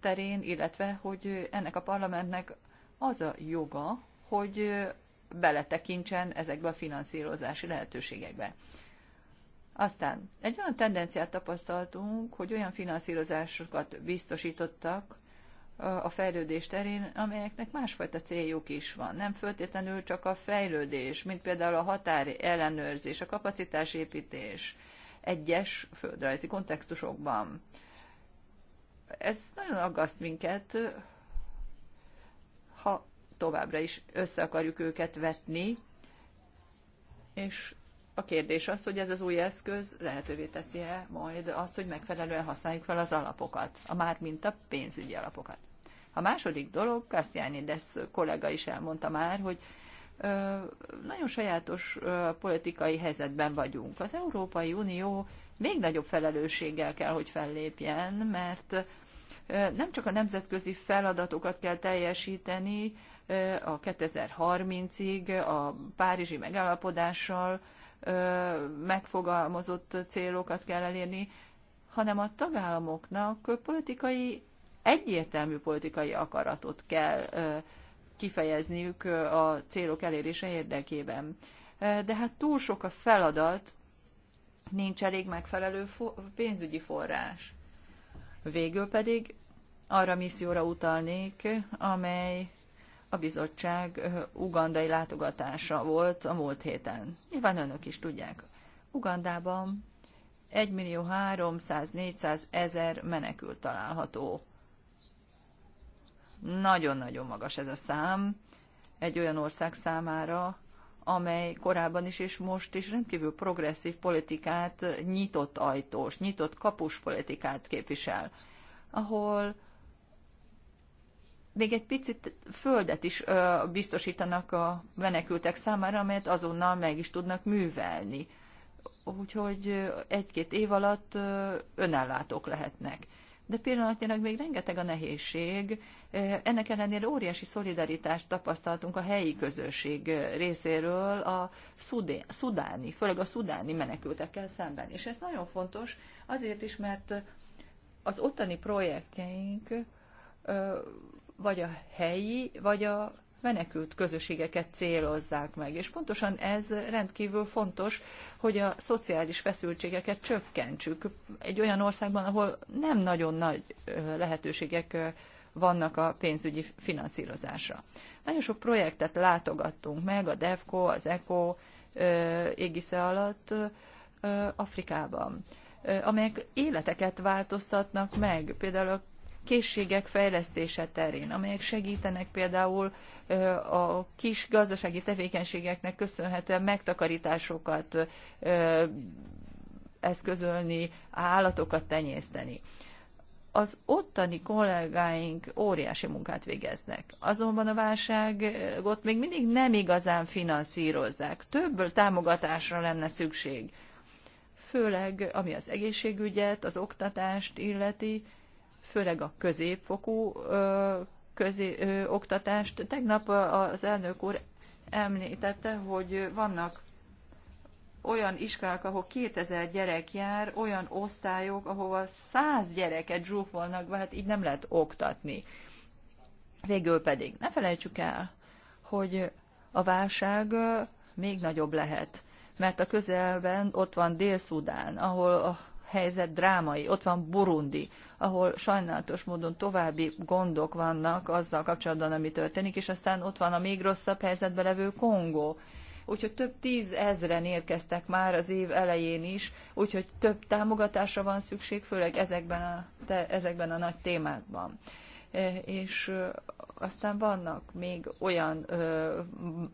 terén, illetve hogy ennek a parlamentnek az a joga, hogy beletekintsen ezekbe a finanszírozási lehetőségekbe. Aztán egy olyan tendenciát tapasztaltunk, hogy olyan finanszírozásokat biztosítottak, a fejlődés terén, amelyeknek másfajta céljuk is van. Nem föltétlenül csak a fejlődés, mint például a határ ellenőrzés, a kapacitásépítés egyes földrajzi kontextusokban. Ez nagyon aggaszt minket, ha továbbra is össze akarjuk őket vetni, és a kérdés az, hogy ez az új eszköz lehetővé teszi-e majd azt, hogy megfelelően használjuk fel az alapokat, a már mint a pénzügyi alapokat. A második dolog, Kastiáni lesz kollega is elmondta már, hogy nagyon sajátos politikai helyzetben vagyunk. Az Európai Unió még nagyobb felelősséggel kell, hogy fellépjen, mert nem csak a nemzetközi feladatokat kell teljesíteni a 2030-ig, a Párizsi megállapodással megfogalmazott célokat kell elérni, hanem a tagállamoknak politikai egyértelmű politikai akaratot kell kifejezniük a célok elérése érdekében. De hát túl sok a feladat, nincs elég megfelelő pénzügyi forrás. Végül pedig arra misszióra utalnék, amely a bizottság ugandai látogatása volt a múlt héten. Nyilván önök is tudják. Ugandában 1 millió 300 400 ezer menekült található. Nagyon-nagyon magas ez a szám egy olyan ország számára, amely korábban is és most is rendkívül progresszív politikát, nyitott ajtós, nyitott kapus politikát képvisel, ahol még egy picit földet is ö, biztosítanak a menekültek számára, amelyet azonnal meg is tudnak művelni. Úgyhogy egy-két év alatt ö, önellátók lehetnek de pillanatnyilag még rengeteg a nehézség. Ennek ellenére óriási szolidaritást tapasztaltunk a helyi közösség részéről a szudé, szudáni, főleg a szudáni menekültekkel szemben. És ez nagyon fontos azért is, mert az ottani projektjeink vagy a helyi, vagy a menekült közösségeket célozzák meg. És pontosan ez rendkívül fontos, hogy a szociális feszültségeket csökkentsük egy olyan országban, ahol nem nagyon nagy lehetőségek vannak a pénzügyi finanszírozásra. Nagyon sok projektet látogattunk meg, a DEFCO, az ECO égisze alatt Afrikában amelyek életeket változtatnak meg, például a készségek fejlesztése terén, amelyek segítenek például a kis gazdasági tevékenységeknek köszönhetően megtakarításokat eszközölni, állatokat tenyészteni. Az ottani kollégáink óriási munkát végeznek, azonban a válságot még mindig nem igazán finanszírozzák. Több támogatásra lenne szükség főleg ami az egészségügyet, az oktatást illeti, főleg a középfokú közé, ö, oktatást. Tegnap az elnök úr említette, hogy vannak olyan iskolák, ahol 2000 gyerek jár, olyan osztályok, ahova 100 gyereket zsúfolnak be, hát így nem lehet oktatni. Végül pedig ne felejtsük el, hogy a válság még nagyobb lehet, mert a közelben ott van Dél-Szudán, ahol a helyzet drámai. Ott van Burundi, ahol sajnálatos módon további gondok vannak azzal kapcsolatban, ami történik, és aztán ott van a még rosszabb helyzetbe levő Kongó. Úgyhogy több tízezren érkeztek már az év elején is, úgyhogy több támogatásra van szükség, főleg ezekben a, te, ezekben a nagy témákban e, és aztán vannak még olyan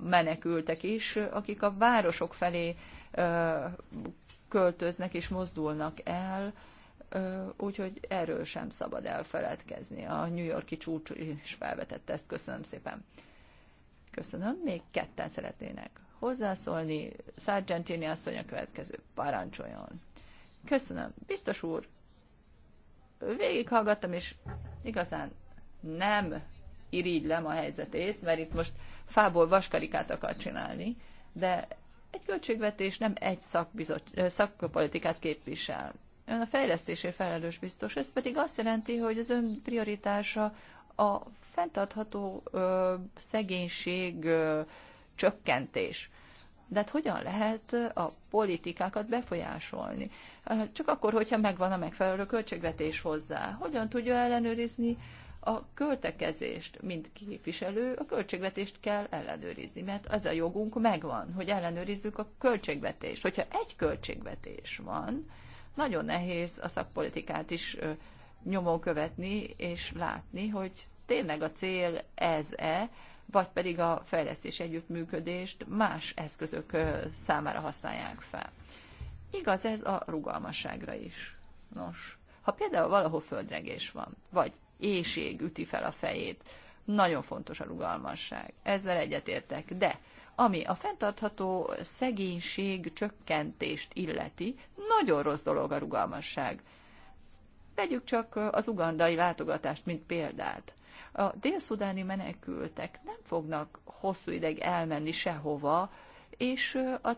menekültek is, akik a városok felé költöznek és mozdulnak el, úgyhogy erről sem szabad elfeledkezni. A New Yorki csúcs is felvetette ezt. Köszönöm szépen. Köszönöm. Még ketten szeretnének hozzászólni. Sargentini asszony a következő. Parancsoljon. Köszönöm. Biztos úr, végighallgattam, és igazán nem irigylem a helyzetét, mert itt most fából vaskarikát akar csinálni, de egy költségvetés nem egy szakpolitikát képvisel. Ön a fejlesztésért felelős biztos, ez pedig azt jelenti, hogy az ön prioritása a fenntartható ö, szegénység ö, csökkentés. De hát hogyan lehet a politikákat befolyásolni? Csak akkor, hogyha megvan a megfelelő költségvetés hozzá. Hogyan tudja ellenőrizni a költekezést, mint képviselő, a költségvetést kell ellenőrizni, mert az a jogunk megvan, hogy ellenőrizzük a költségvetést. Hogyha egy költségvetés van, nagyon nehéz a szakpolitikát is nyomon követni és látni, hogy tényleg a cél ez-e, vagy pedig a fejlesztés együttműködést más eszközök számára használják fel. Igaz ez a rugalmasságra is. Nos, ha például valahol földrengés van, vagy éjség üti fel a fejét. Nagyon fontos a rugalmasság. Ezzel egyetértek. De ami a fenntartható szegénység csökkentést illeti, nagyon rossz dolog a rugalmasság. Vegyük csak az ugandai látogatást, mint példát. A délszudáni menekültek nem fognak hosszú ideig elmenni sehova, és a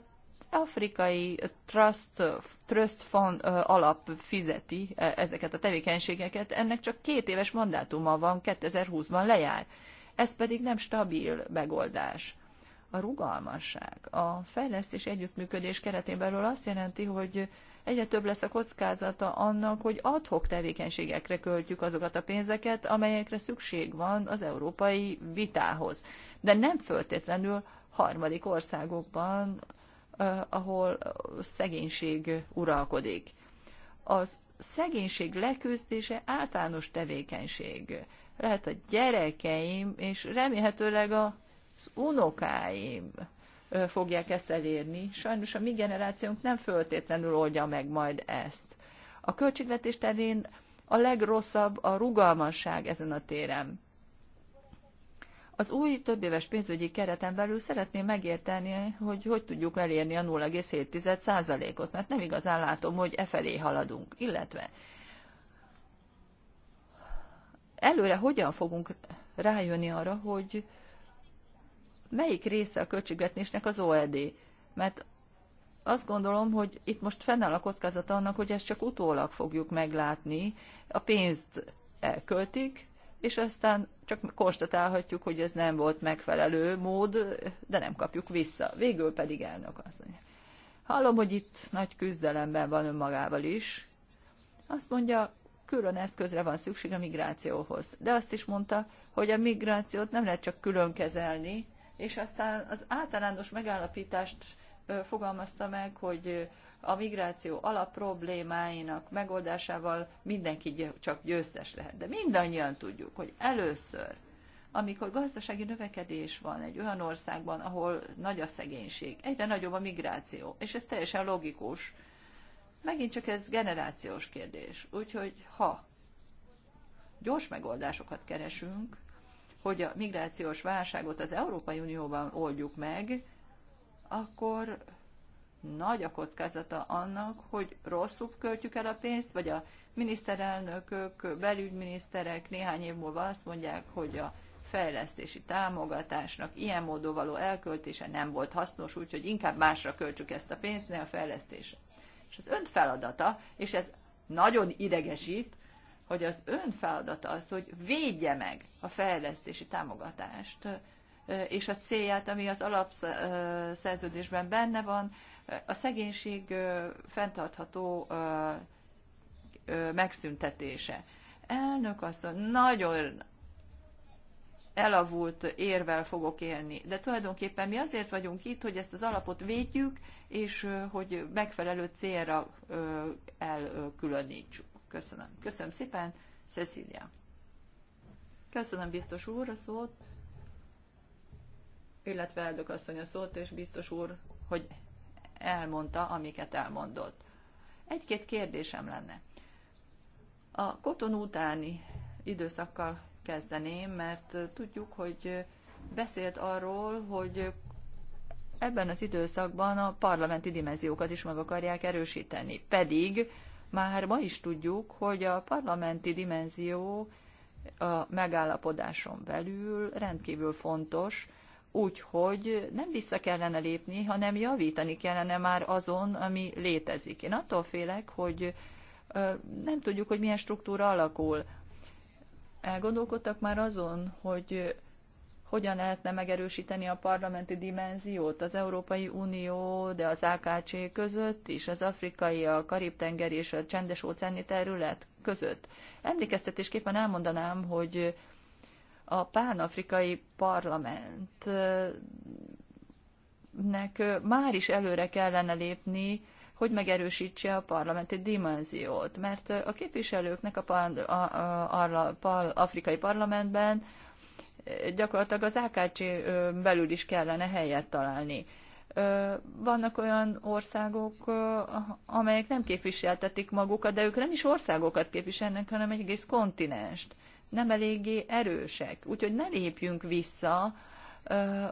afrikai trust, trust fund alap fizeti ezeket a tevékenységeket, ennek csak két éves mandátuma van, 2020-ban lejár. Ez pedig nem stabil megoldás. A rugalmasság, a fejlesztés együttműködés keretén belül azt jelenti, hogy egyre több lesz a kockázata annak, hogy adhok tevékenységekre költjük azokat a pénzeket, amelyekre szükség van az európai vitához. De nem föltétlenül harmadik országokban ahol szegénység uralkodik. Az szegénység leküzdése általános tevékenység. Lehet a gyerekeim, és remélhetőleg az unokáim fogják ezt elérni. Sajnos a mi generációnk nem föltétlenül oldja meg majd ezt. A költségvetés terén a legrosszabb a rugalmasság ezen a téren. Az új többéves pénzügyi kereten belül szeretném megérteni, hogy hogy tudjuk elérni a 0,7%-ot, mert nem igazán látom, hogy e felé haladunk, illetve előre hogyan fogunk rájönni arra, hogy melyik része a költségvetésnek az OED, mert azt gondolom, hogy itt most fennáll a kockázata annak, hogy ezt csak utólag fogjuk meglátni, a pénzt elköltik, és aztán csak konstatálhatjuk, hogy ez nem volt megfelelő mód, de nem kapjuk vissza. Végül pedig elnök mondja. Hallom, hogy itt nagy küzdelemben van önmagával is. Azt mondja, külön eszközre van szükség a migrációhoz. De azt is mondta, hogy a migrációt nem lehet csak külön kezelni, és aztán az általános megállapítást fogalmazta meg, hogy a migráció alapproblémáinak megoldásával mindenki csak győztes lehet. De mindannyian tudjuk, hogy először, amikor gazdasági növekedés van egy olyan országban, ahol nagy a szegénység, egyre nagyobb a migráció, és ez teljesen logikus, megint csak ez generációs kérdés. Úgyhogy ha gyors megoldásokat keresünk, hogy a migrációs válságot az Európai Unióban oldjuk meg, akkor nagy a kockázata annak, hogy rosszul költjük el a pénzt, vagy a miniszterelnökök, belügyminiszterek néhány év múlva azt mondják, hogy a fejlesztési támogatásnak ilyen módon való elköltése nem volt hasznos, úgyhogy inkább másra költsük ezt a pénzt, ne a fejlesztésre. És az ön feladata, és ez nagyon idegesít, hogy az ön feladata az, hogy védje meg a fejlesztési támogatást és a célját, ami az alapszerződésben benne van, a szegénység fenntartható megszüntetése. Elnök asszony, nagyon elavult érvel fogok élni. De tulajdonképpen mi azért vagyunk itt, hogy ezt az alapot védjük, és hogy megfelelő célra elkülönítsük. Köszönöm. Köszönöm szépen, Cecilia. Köszönöm biztos úr a szót, illetve eldök asszony a szót, és biztos úr, hogy elmondta, amiket elmondott. Egy-két kérdésem lenne. A koton utáni időszakkal kezdeném, mert tudjuk, hogy beszélt arról, hogy ebben az időszakban a parlamenti dimenziókat is meg akarják erősíteni. Pedig már ma is tudjuk, hogy a parlamenti dimenzió a megállapodáson belül rendkívül fontos, Úgyhogy nem vissza kellene lépni, hanem javítani kellene már azon, ami létezik. Én attól félek, hogy nem tudjuk, hogy milyen struktúra alakul. Elgondolkodtak már azon, hogy hogyan lehetne megerősíteni a parlamenti dimenziót az Európai Unió, de az AKC között és az afrikai, a Karib-tenger és a csendes óceáni terület között. Emlékeztetésképpen elmondanám, hogy a pánafrikai parlamentnek már is előre kellene lépni, hogy megerősítse a parlamenti dimenziót, mert a képviselőknek a, pan, a, a, a, a afrikai parlamentben gyakorlatilag az AKC belül is kellene helyet találni. Vannak olyan országok, amelyek nem képviseltetik magukat, de ők nem is országokat képviselnek, hanem egy egész kontinest nem eléggé erősek. Úgyhogy ne lépjünk vissza ö,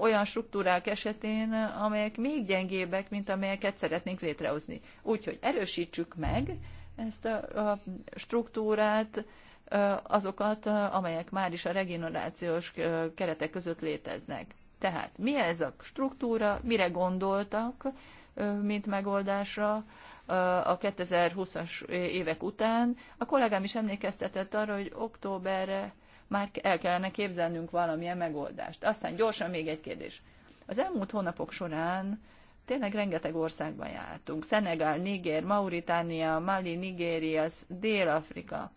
olyan struktúrák esetén, amelyek még gyengébbek, mint amelyeket szeretnénk létrehozni. Úgyhogy erősítsük meg ezt a, a struktúrát, ö, azokat, amelyek már is a regenerációs keretek között léteznek. Tehát mi ez a struktúra, mire gondoltak, mint megoldásra, a 2020-as évek után. A kollégám is emlékeztetett arra, hogy októberre már el kellene képzelnünk valamilyen megoldást. Aztán gyorsan még egy kérdés. Az elmúlt hónapok során tényleg rengeteg országban jártunk. Szenegál, Niger, Mauritánia, Mali, Nigéria, Dél-Afrika.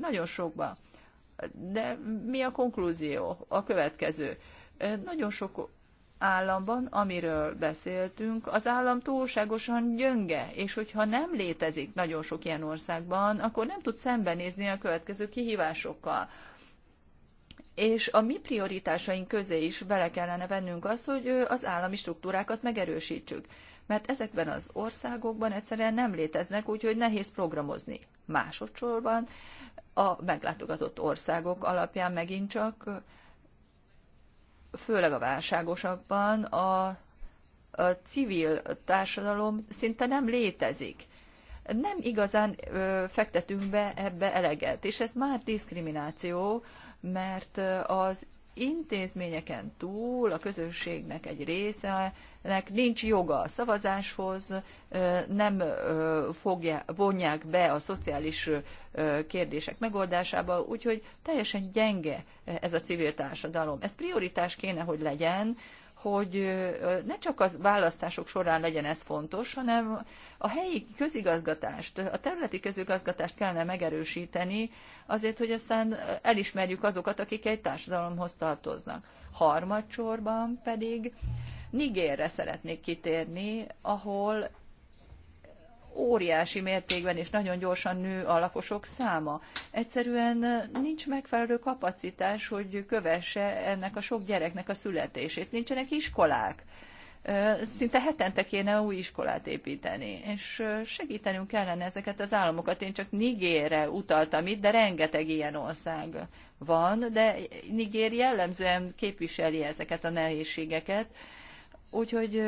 Nagyon sokba. De mi a konklúzió? A következő. Nagyon sok államban, amiről beszéltünk, az állam túlságosan gyönge, és hogyha nem létezik nagyon sok ilyen országban, akkor nem tud szembenézni a következő kihívásokkal. És a mi prioritásaink közé is bele kellene vennünk azt, hogy az állami struktúrákat megerősítsük. Mert ezekben az országokban egyszerűen nem léteznek, úgyhogy nehéz programozni. Másodszorban a meglátogatott országok alapján megint csak főleg a válságosabban a, a civil társadalom szinte nem létezik. Nem igazán ö, fektetünk be ebbe eleget, és ez már diszkrimináció, mert az intézményeken túl a közösségnek egy része akiknek nincs joga a szavazáshoz, nem fogja, vonják be a szociális kérdések megoldásába, úgyhogy teljesen gyenge ez a civil társadalom. Ez prioritás kéne, hogy legyen, hogy ne csak a választások során legyen ez fontos, hanem a helyi közigazgatást, a területi közigazgatást kellene megerősíteni, azért, hogy aztán elismerjük azokat, akik egy társadalomhoz tartoznak. Harmadsorban pedig Nigérre szeretnék kitérni, ahol óriási mértékben és nagyon gyorsan nő a lakosok száma. Egyszerűen nincs megfelelő kapacitás, hogy kövesse ennek a sok gyereknek a születését. Nincsenek iskolák. Szinte hetente kéne új iskolát építeni, és segítenünk kellene ezeket az államokat. Én csak Nigérre utaltam itt, de rengeteg ilyen ország van, de Nigér jellemzően képviseli ezeket a nehézségeket. Úgyhogy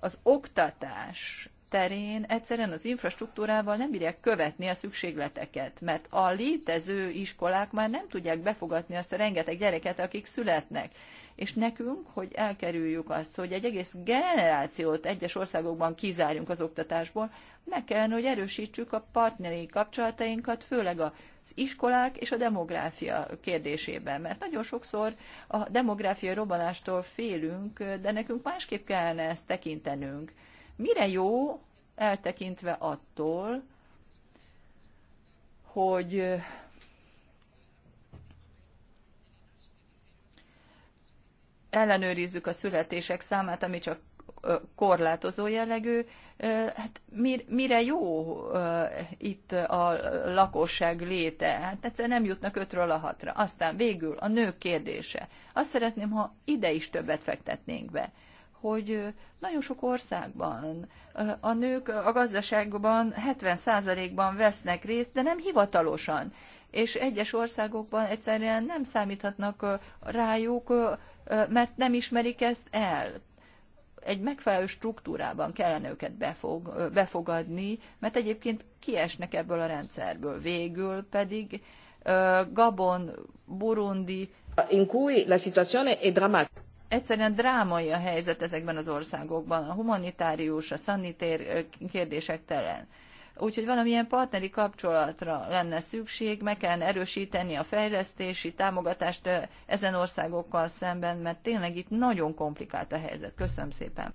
az oktatás terén egyszerűen az infrastruktúrával nem bírják követni a szükségleteket, mert a létező iskolák már nem tudják befogadni azt a rengeteg gyereket, akik születnek. És nekünk, hogy elkerüljük azt, hogy egy egész generációt egyes országokban kizárjunk az oktatásból, meg kellene, hogy erősítsük a partneri kapcsolatainkat, főleg az iskolák és a demográfia kérdésében. Mert nagyon sokszor a demográfiai robbanástól félünk, de nekünk másképp kellene ezt tekintenünk mire jó, eltekintve attól, hogy ellenőrizzük a születések számát, ami csak korlátozó jellegű, hát mire jó itt a lakosság léte? Hát egyszerűen nem jutnak ötről a hatra. Aztán végül a nők kérdése. Azt szeretném, ha ide is többet fektetnénk be hogy nagyon sok országban a nők a gazdaságban 70%-ban vesznek részt, de nem hivatalosan. És egyes országokban egyszerűen nem számíthatnak rájuk, mert nem ismerik ezt el. Egy megfelelő struktúrában kellene őket befog, befogadni, mert egyébként kiesnek ebből a rendszerből. Végül pedig Gabon, Burundi. In cui la situazione è drammatica egyszerűen drámai a helyzet ezekben az országokban, a humanitárius, a szanitér kérdések terén. Úgyhogy valamilyen partneri kapcsolatra lenne szükség, meg kell erősíteni a fejlesztési támogatást ezen országokkal szemben, mert tényleg itt nagyon komplikált a helyzet. Köszönöm szépen.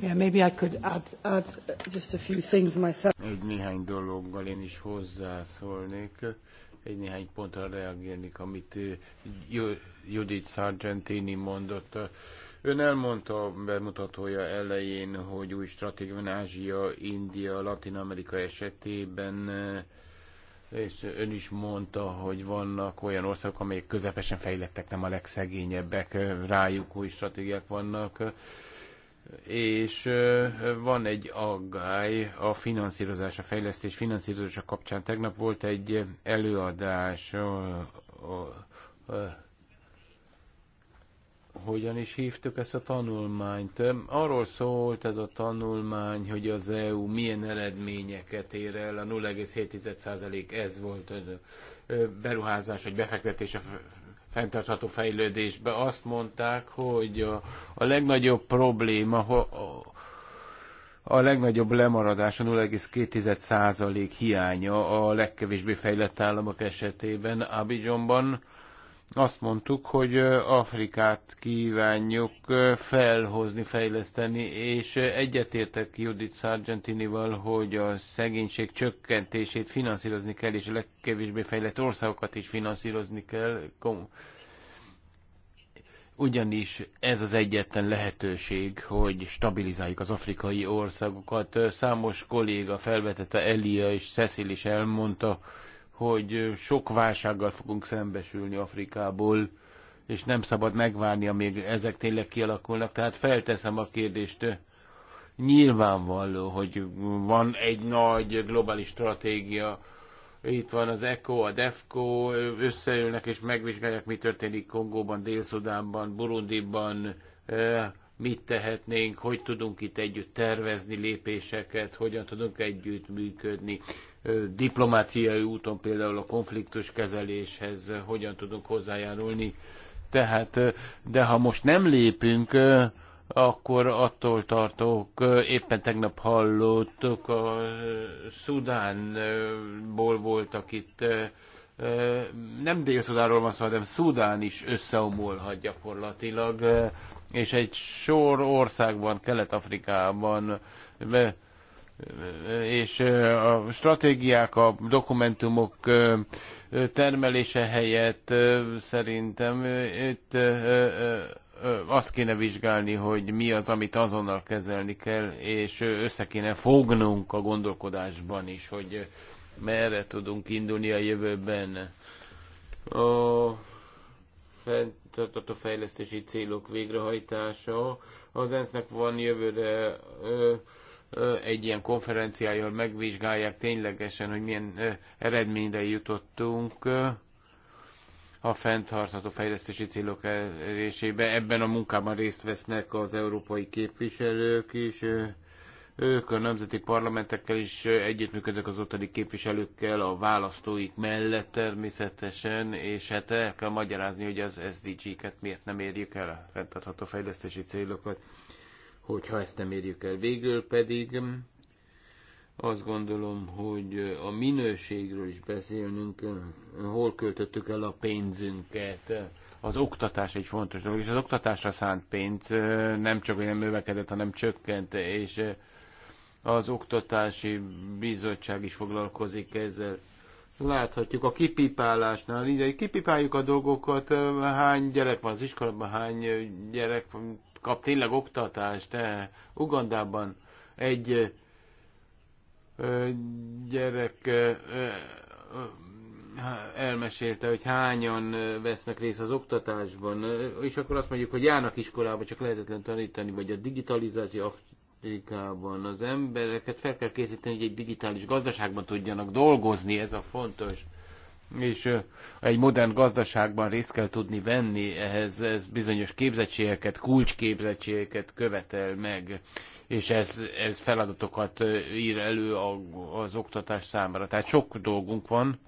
Yeah, maybe I could add, add just a few things myself. Egy néhány dologgal én is hozzászólnék egy néhány pontra reagálnék, amit Judith Sargentini mondott. Ön elmondta a bemutatója elején, hogy új stratégia Ázsia, India, Latin Amerika esetében és ön is mondta, hogy vannak olyan országok, amelyek közepesen fejlettek, nem a legszegényebbek, rájuk új stratégiák vannak és van egy aggály a finanszírozás, a fejlesztés finanszírozása kapcsán. Tegnap volt egy előadás, hogyan is hívtuk ezt a tanulmányt. Arról szólt ez a tanulmány, hogy az EU milyen eredményeket ér el, a 0,7% ez volt beruházás, vagy befektetés a fenntartható fejlődésbe. Azt mondták, hogy a, a legnagyobb probléma, a, a legnagyobb lemaradás, a 0,2% hiánya a legkevésbé fejlett államok esetében, Abidjanban azt mondtuk, hogy Afrikát kívánjuk felhozni, fejleszteni, és egyetértek Judith Sargentinival, hogy a szegénység csökkentését finanszírozni kell, és a legkevésbé fejlett országokat is finanszírozni kell. Ugyanis ez az egyetlen lehetőség, hogy stabilizáljuk az afrikai országokat. Számos kolléga felvetette, Elia és Cecil is elmondta, hogy sok válsággal fogunk szembesülni Afrikából, és nem szabad megvárni, amíg ezek tényleg kialakulnak. Tehát felteszem a kérdést, nyilvánvaló, hogy van egy nagy globális stratégia, itt van az ECO, a DEFCO, összeülnek és megvizsgálják, mi történik Kongóban, Dél-Szudánban, Burundiban, eh, mit tehetnénk, hogy tudunk itt együtt tervezni lépéseket, hogyan tudunk együtt működni diplomáciai úton például a konfliktus kezeléshez hogyan tudunk hozzájárulni. Tehát, de ha most nem lépünk, akkor attól tartok, éppen tegnap hallottuk, a Szudánból voltak itt, nem Dél-Szudánról van szó, hanem Szudán is összeomolhat gyakorlatilag, és egy sor országban, Kelet-Afrikában, és a stratégiák, a dokumentumok termelése helyett szerintem itt azt kéne vizsgálni, hogy mi az, amit azonnal kezelni kell, és össze kéne fognunk a gondolkodásban is, hogy merre tudunk indulni a jövőben. A fenntartató fejlesztési célok végrehajtása, az ENSZ-nek van jövőre egy ilyen konferenciájól megvizsgálják ténylegesen, hogy milyen eredményre jutottunk a fenntartható fejlesztési célok elérésébe. Ebben a munkában részt vesznek az európai képviselők is, ők a nemzeti parlamentekkel is együttműködnek az ottani képviselőkkel, a választóik mellett természetesen, és hát el kell magyarázni, hogy az SDG-ket miért nem érjük el a fenntartható fejlesztési célokat hogyha ezt nem érjük el. Végül pedig azt gondolom, hogy a minőségről is beszélnünk, hol költöttük el a pénzünket. Az oktatás egy fontos dolog, és az oktatásra szánt pénz nem csak, olyan növekedett, hanem csökkent, és az oktatási bizottság is foglalkozik ezzel. Láthatjuk a kipipálásnál, így kipipáljuk a dolgokat, hány gyerek van az iskolában, hány gyerek van, kap tényleg oktatást. De Ugandában egy gyerek elmesélte, hogy hányan vesznek részt az oktatásban, és akkor azt mondjuk, hogy járnak iskolába, csak lehetetlen tanítani, vagy a digitalizáció Afrikában az embereket fel kell készíteni, hogy egy digitális gazdaságban tudjanak dolgozni, ez a fontos és egy modern gazdaságban részt kell tudni venni, ehhez ez bizonyos képzettségeket, kulcsképzettségeket követel meg, és ez, ez feladatokat ír elő az oktatás számára. Tehát sok dolgunk van,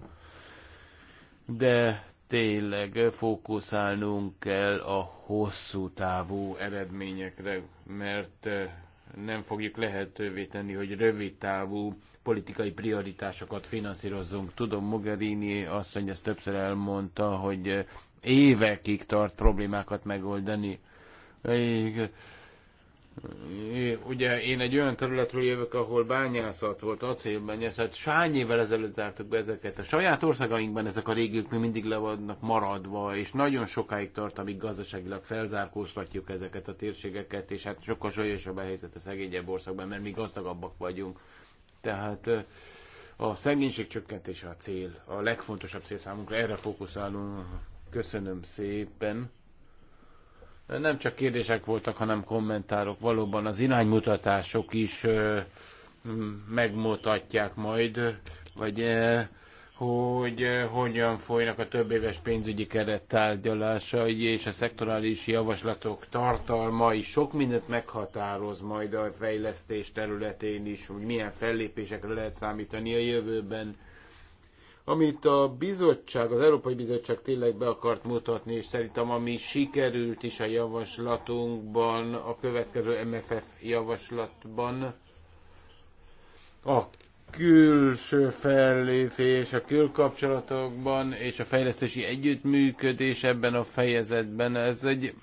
de tényleg fókuszálnunk kell a hosszú távú eredményekre, mert nem fogjuk lehetővé tenni, hogy rövid távú politikai prioritásokat finanszírozzunk. Tudom, Mogherini asszony ezt többször elmondta, hogy évekig tart problémákat megoldani. Ugye én egy olyan területről jövök, ahol bányászat volt, acélbányászat. Hány évvel ezelőtt zártuk be ezeket? A saját országainkban ezek a régiók mi mindig le vannak maradva, és nagyon sokáig tart, amíg gazdaságilag felzárkóztatjuk ezeket a térségeket, és hát sokkal súlyosabb a helyzet a szegényebb országban, mert mi gazdagabbak vagyunk. Tehát a szegénység csökkentése a cél, a legfontosabb cél számunkra, erre fókuszálunk. Köszönöm szépen. Nem csak kérdések voltak, hanem kommentárok. Valóban az iránymutatások is megmutatják majd, vagy hogy hogyan folynak a több éves pénzügyi keret tárgyalásai, és a szektorális javaslatok tartalma is sok mindent meghatároz majd a fejlesztés területén is, hogy milyen fellépésekre lehet számítani a jövőben amit a bizottság, az Európai Bizottság tényleg be akart mutatni, és szerintem ami sikerült is a javaslatunkban, a következő MFF javaslatban, a külső fellépés a külkapcsolatokban és a fejlesztési együttműködés ebben a fejezetben, ez egy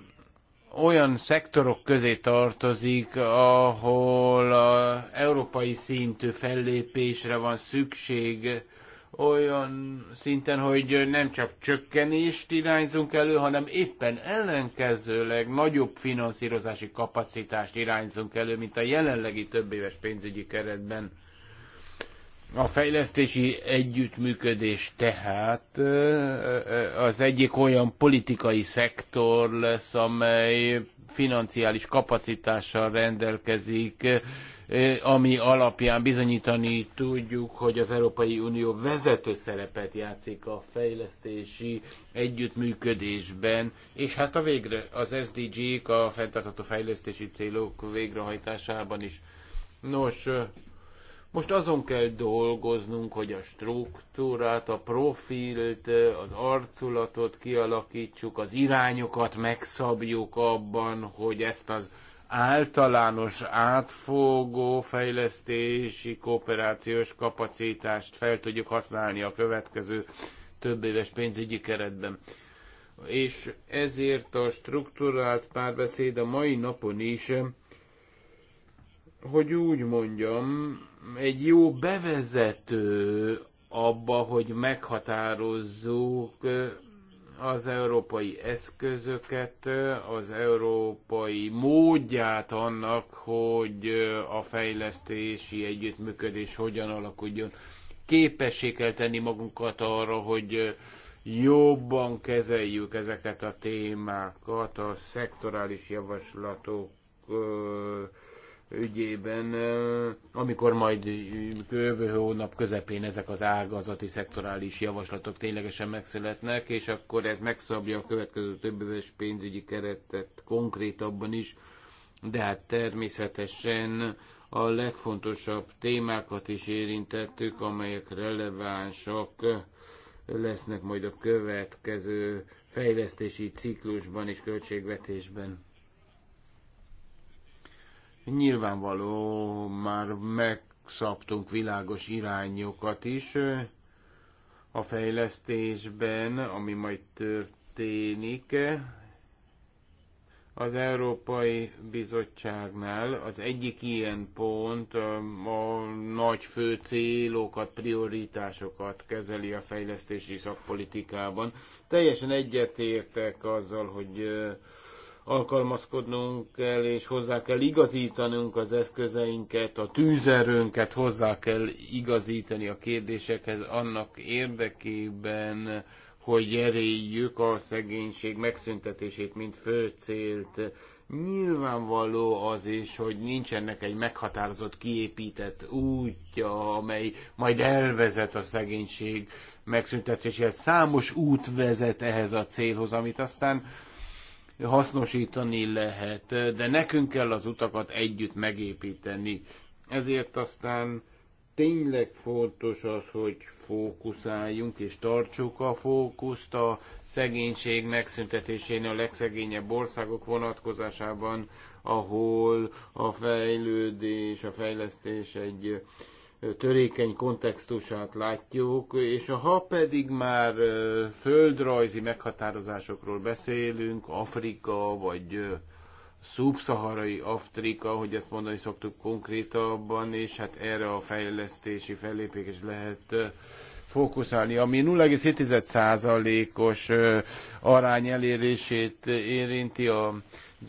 olyan szektorok közé tartozik, ahol a európai szintű fellépésre van szükség, olyan szinten, hogy nem csak csökkenést irányzunk elő, hanem éppen ellenkezőleg nagyobb finanszírozási kapacitást irányzunk elő, mint a jelenlegi több éves pénzügyi keretben. A fejlesztési együttműködés tehát az egyik olyan politikai szektor lesz, amely financiális kapacitással rendelkezik, ami alapján bizonyítani tudjuk, hogy az Európai Unió vezető szerepet játszik a fejlesztési együttműködésben, és hát a végre az SDG-k, a fenntartható fejlesztési célok végrehajtásában is. Nos, most azon kell dolgoznunk, hogy a struktúrát, a profilt, az arculatot kialakítsuk, az irányokat megszabjuk abban, hogy ezt az általános átfogó fejlesztési kooperációs kapacitást fel tudjuk használni a következő több éves pénzügyi keretben. És ezért a struktúrált párbeszéd a mai napon is, hogy úgy mondjam, egy jó bevezető abba, hogy meghatározzuk az európai eszközöket, az európai módját annak, hogy a fejlesztési együttműködés hogyan alakuljon. Képessé kell tenni magunkat arra, hogy jobban kezeljük ezeket a témákat, a szektorális javaslatok ügyében, amikor majd jövő hónap közepén ezek az ágazati szektorális javaslatok ténylegesen megszületnek, és akkor ez megszabja a következő többéves pénzügyi keretet konkrétabban is, de hát természetesen a legfontosabb témákat is érintettük, amelyek relevánsak lesznek majd a következő fejlesztési ciklusban és költségvetésben. Nyilvánvaló már megszabtunk világos irányokat is a fejlesztésben, ami majd történik. Az Európai Bizottságnál az egyik ilyen pont a nagy fő célokat, prioritásokat kezeli a fejlesztési szakpolitikában. Teljesen egyetértek azzal, hogy alkalmazkodnunk kell, és hozzá kell igazítanunk az eszközeinket, a tűzerőnket hozzá kell igazítani a kérdésekhez annak érdekében, hogy eréljük a szegénység megszüntetését, mint fő célt. Nyilvánvaló az is, hogy nincsenek egy meghatározott, kiépített útja, amely majd elvezet a szegénység megszüntetéséhez. Számos út vezet ehhez a célhoz, amit aztán hasznosítani lehet, de nekünk kell az utakat együtt megépíteni. Ezért aztán tényleg fontos az, hogy fókuszáljunk és tartsuk a fókuszt a szegénység megszüntetésén a legszegényebb országok vonatkozásában, ahol a fejlődés, a fejlesztés egy törékeny kontextusát látjuk, és ha pedig már földrajzi meghatározásokról beszélünk, Afrika vagy szubszaharai Afrika, hogy ezt mondani szoktuk konkrétabban, és hát erre a fejlesztési is lehet fókuszálni, ami 0,7%-os arány elérését érinti a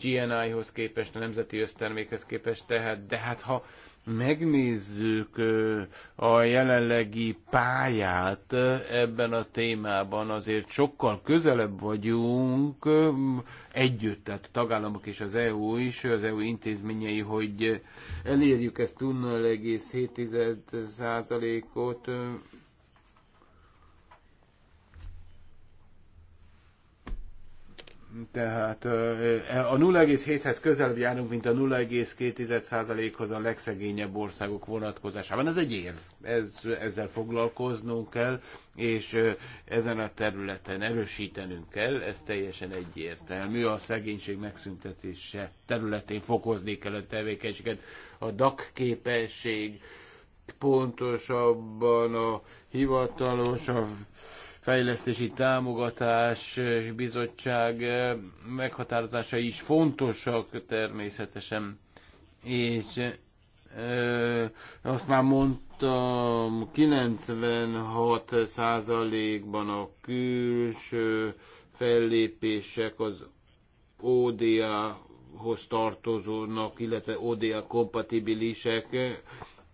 GNI-hoz képest, a nemzeti össztermékhez képest, tehát, de hát ha megnézzük a jelenlegi pályát ebben a témában, azért sokkal közelebb vagyunk együtt, tehát a tagállamok és az EU is, az EU intézményei, hogy elérjük ezt 0,7%-ot, Tehát a 0,7-hez közelebb járunk, mint a 0,2%-hoz a legszegényebb országok vonatkozásában. Ez egy év, ez, ezzel foglalkoznunk kell, és ezen a területen erősítenünk kell, ez teljesen egyértelmű. A szegénység megszüntetése területén fokozni kell a tevékenységet. A DAC képesség pontosabban a hivatalos, a fejlesztési támogatás eh, bizottság eh, meghatározása is fontosak természetesen. És Ö, eh, azt már mondtam, 96 százalékban a külső fellépések az ODA-hoz tartozónak, illetve ODA kompatibilisek,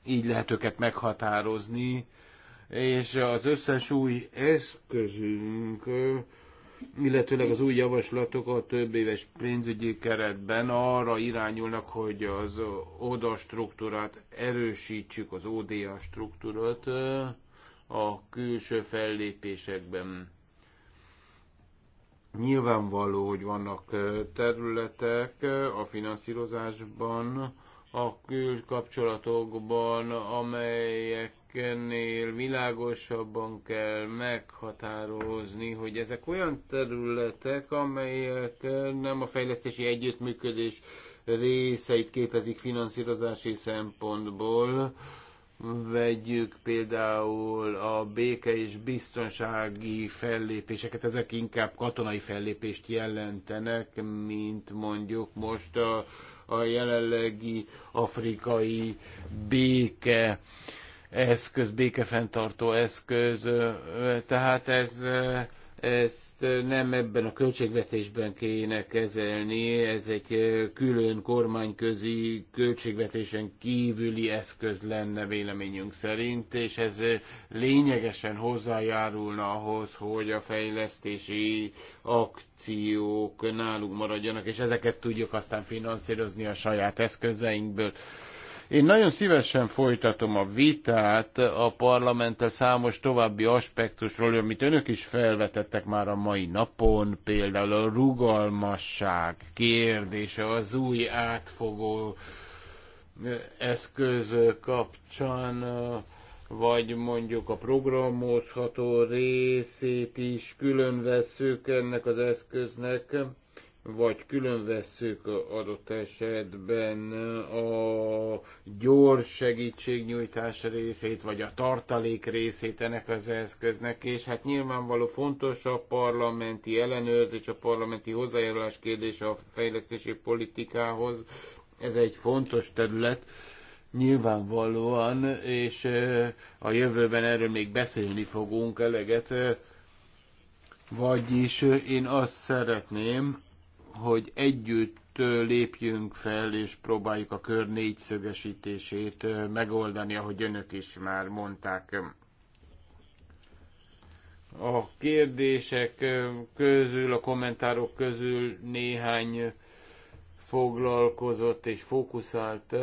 így lehet őket meghatározni és az összes új eszközünk, illetőleg az új javaslatok a több éves pénzügyi keretben arra irányulnak, hogy az ODA struktúrát erősítsük, az ODA struktúrát a külső fellépésekben. Nyilvánvaló, hogy vannak területek a finanszírozásban, a külkapcsolatokban, amelyek területeknél világosabban kell meghatározni, hogy ezek olyan területek, amelyek nem a fejlesztési együttműködés részeit képezik finanszírozási szempontból. Vegyük például a béke és biztonsági fellépéseket, ezek inkább katonai fellépést jelentenek, mint mondjuk most a, a jelenlegi afrikai béke eszköz, békefenntartó eszköz, tehát ez, ezt nem ebben a költségvetésben kéne kezelni, ez egy külön kormányközi költségvetésen kívüli eszköz lenne véleményünk szerint, és ez lényegesen hozzájárulna ahhoz, hogy a fejlesztési akciók nálunk maradjanak, és ezeket tudjuk aztán finanszírozni a saját eszközeinkből. Én nagyon szívesen folytatom a vitát a parlamenttel számos további aspektusról, amit önök is felvetettek már a mai napon, például a rugalmasság kérdése, az új átfogó eszköz kapcsán vagy mondjuk a programozható részét is külön veszük ennek az eszköznek vagy külön veszük adott esetben a gyors segítségnyújtás részét, vagy a tartalék részét ennek az eszköznek, és hát nyilvánvaló fontos a parlamenti ellenőrzés, a parlamenti hozzájárulás kérdése a fejlesztési politikához, ez egy fontos terület, nyilvánvalóan, és a jövőben erről még beszélni fogunk eleget, vagyis én azt szeretném, hogy együtt lépjünk fel, és próbáljuk a kör négyszögesítését megoldani, ahogy önök is már mondták. A kérdések közül, a kommentárok közül néhány foglalkozott és fókuszált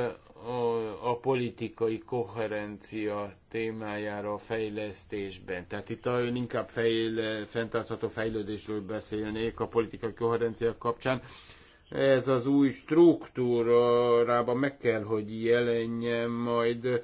a, a politikai koherencia témájára a fejlesztésben. Tehát itt a, én inkább fejl, fenntartható fejlődésről beszélnék a politikai koherencia kapcsán. Ez az új struktúrában meg kell, hogy jelenjen majd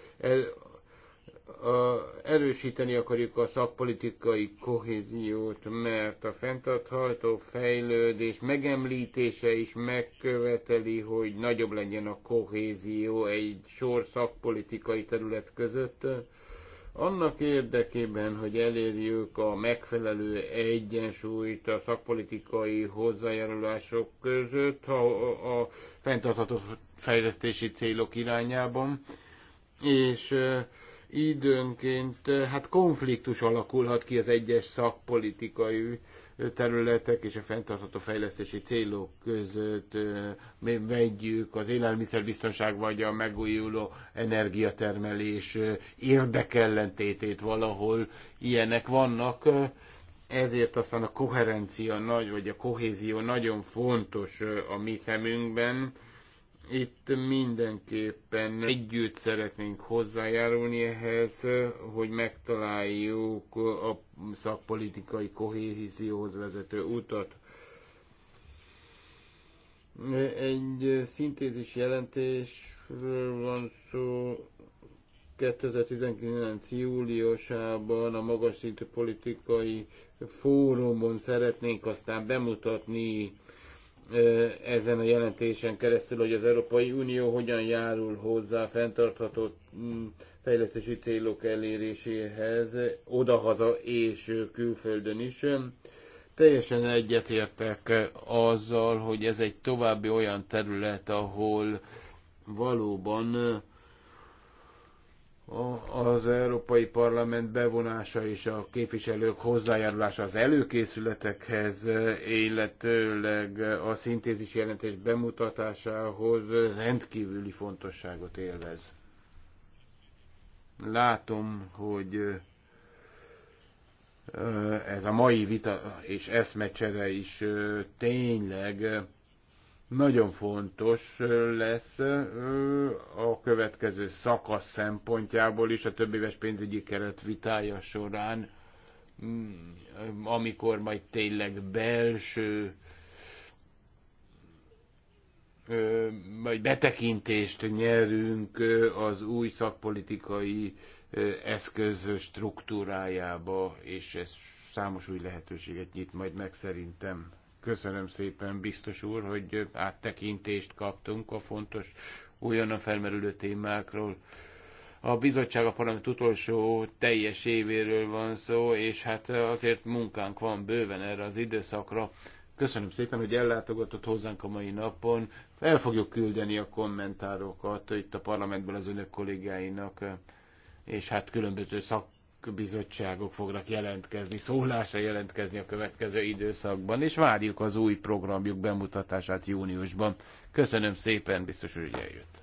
erősíteni akarjuk a szakpolitikai kohéziót, mert a fenntartható fejlődés megemlítése is megköveteli, hogy nagyobb legyen a kohézió egy sor szakpolitikai terület között. Annak érdekében, hogy elérjük a megfelelő egyensúlyt a szakpolitikai hozzájárulások között a, a, fenntartható fejlesztési célok irányában, és időnként eh, hát konfliktus alakulhat ki az egyes szakpolitikai eh, területek és a fenntartható fejlesztési célok között. Eh, mi vegyük az élelmiszerbiztonság vagy a megújuló energiatermelés érdekellentétét valahol. Ilyenek vannak, ezért aztán a koherencia nagy, vagy a kohézió nagyon fontos a mi szemünkben itt mindenképpen együtt szeretnénk hozzájárulni ehhez, hogy megtaláljuk a szakpolitikai kohézióhoz vezető utat. Egy szintézis jelentésről van szó, 2019. júliusában a magas szintű politikai fórumon szeretnénk aztán bemutatni ezen a jelentésen keresztül, hogy az Európai Unió hogyan járul hozzá fenntartható mm, fejlesztési célok eléréséhez odahaza és külföldön is. Teljesen egyetértek azzal, hogy ez egy további olyan terület, ahol valóban az Európai Parlament bevonása és a képviselők hozzájárulása az előkészületekhez, illetőleg a szintézis jelentés bemutatásához rendkívüli fontosságot élvez. Látom, hogy ez a mai vita és eszmecsere is tényleg nagyon fontos lesz a következő szakasz szempontjából is a többéves pénzügyi keret vitája során, mm, amikor majd tényleg belső vagy betekintést nyerünk az új szakpolitikai eszköz struktúrájába, és ez számos új lehetőséget nyit majd meg szerintem. Köszönöm szépen, biztos úr, hogy áttekintést kaptunk a fontos a felmerülő témákról. A bizottság a parlament utolsó teljes évéről van szó, és hát azért munkánk van bőven erre az időszakra. Köszönöm szépen, hogy ellátogatott hozzánk a mai napon. El fogjuk küldeni a kommentárokat itt a parlamentből az önök kollégáinak, és hát különböző szak bizottságok fognak jelentkezni, szólásra jelentkezni a következő időszakban, és várjuk az új programjuk bemutatását júniusban. Köszönöm szépen, biztos, hogy eljött.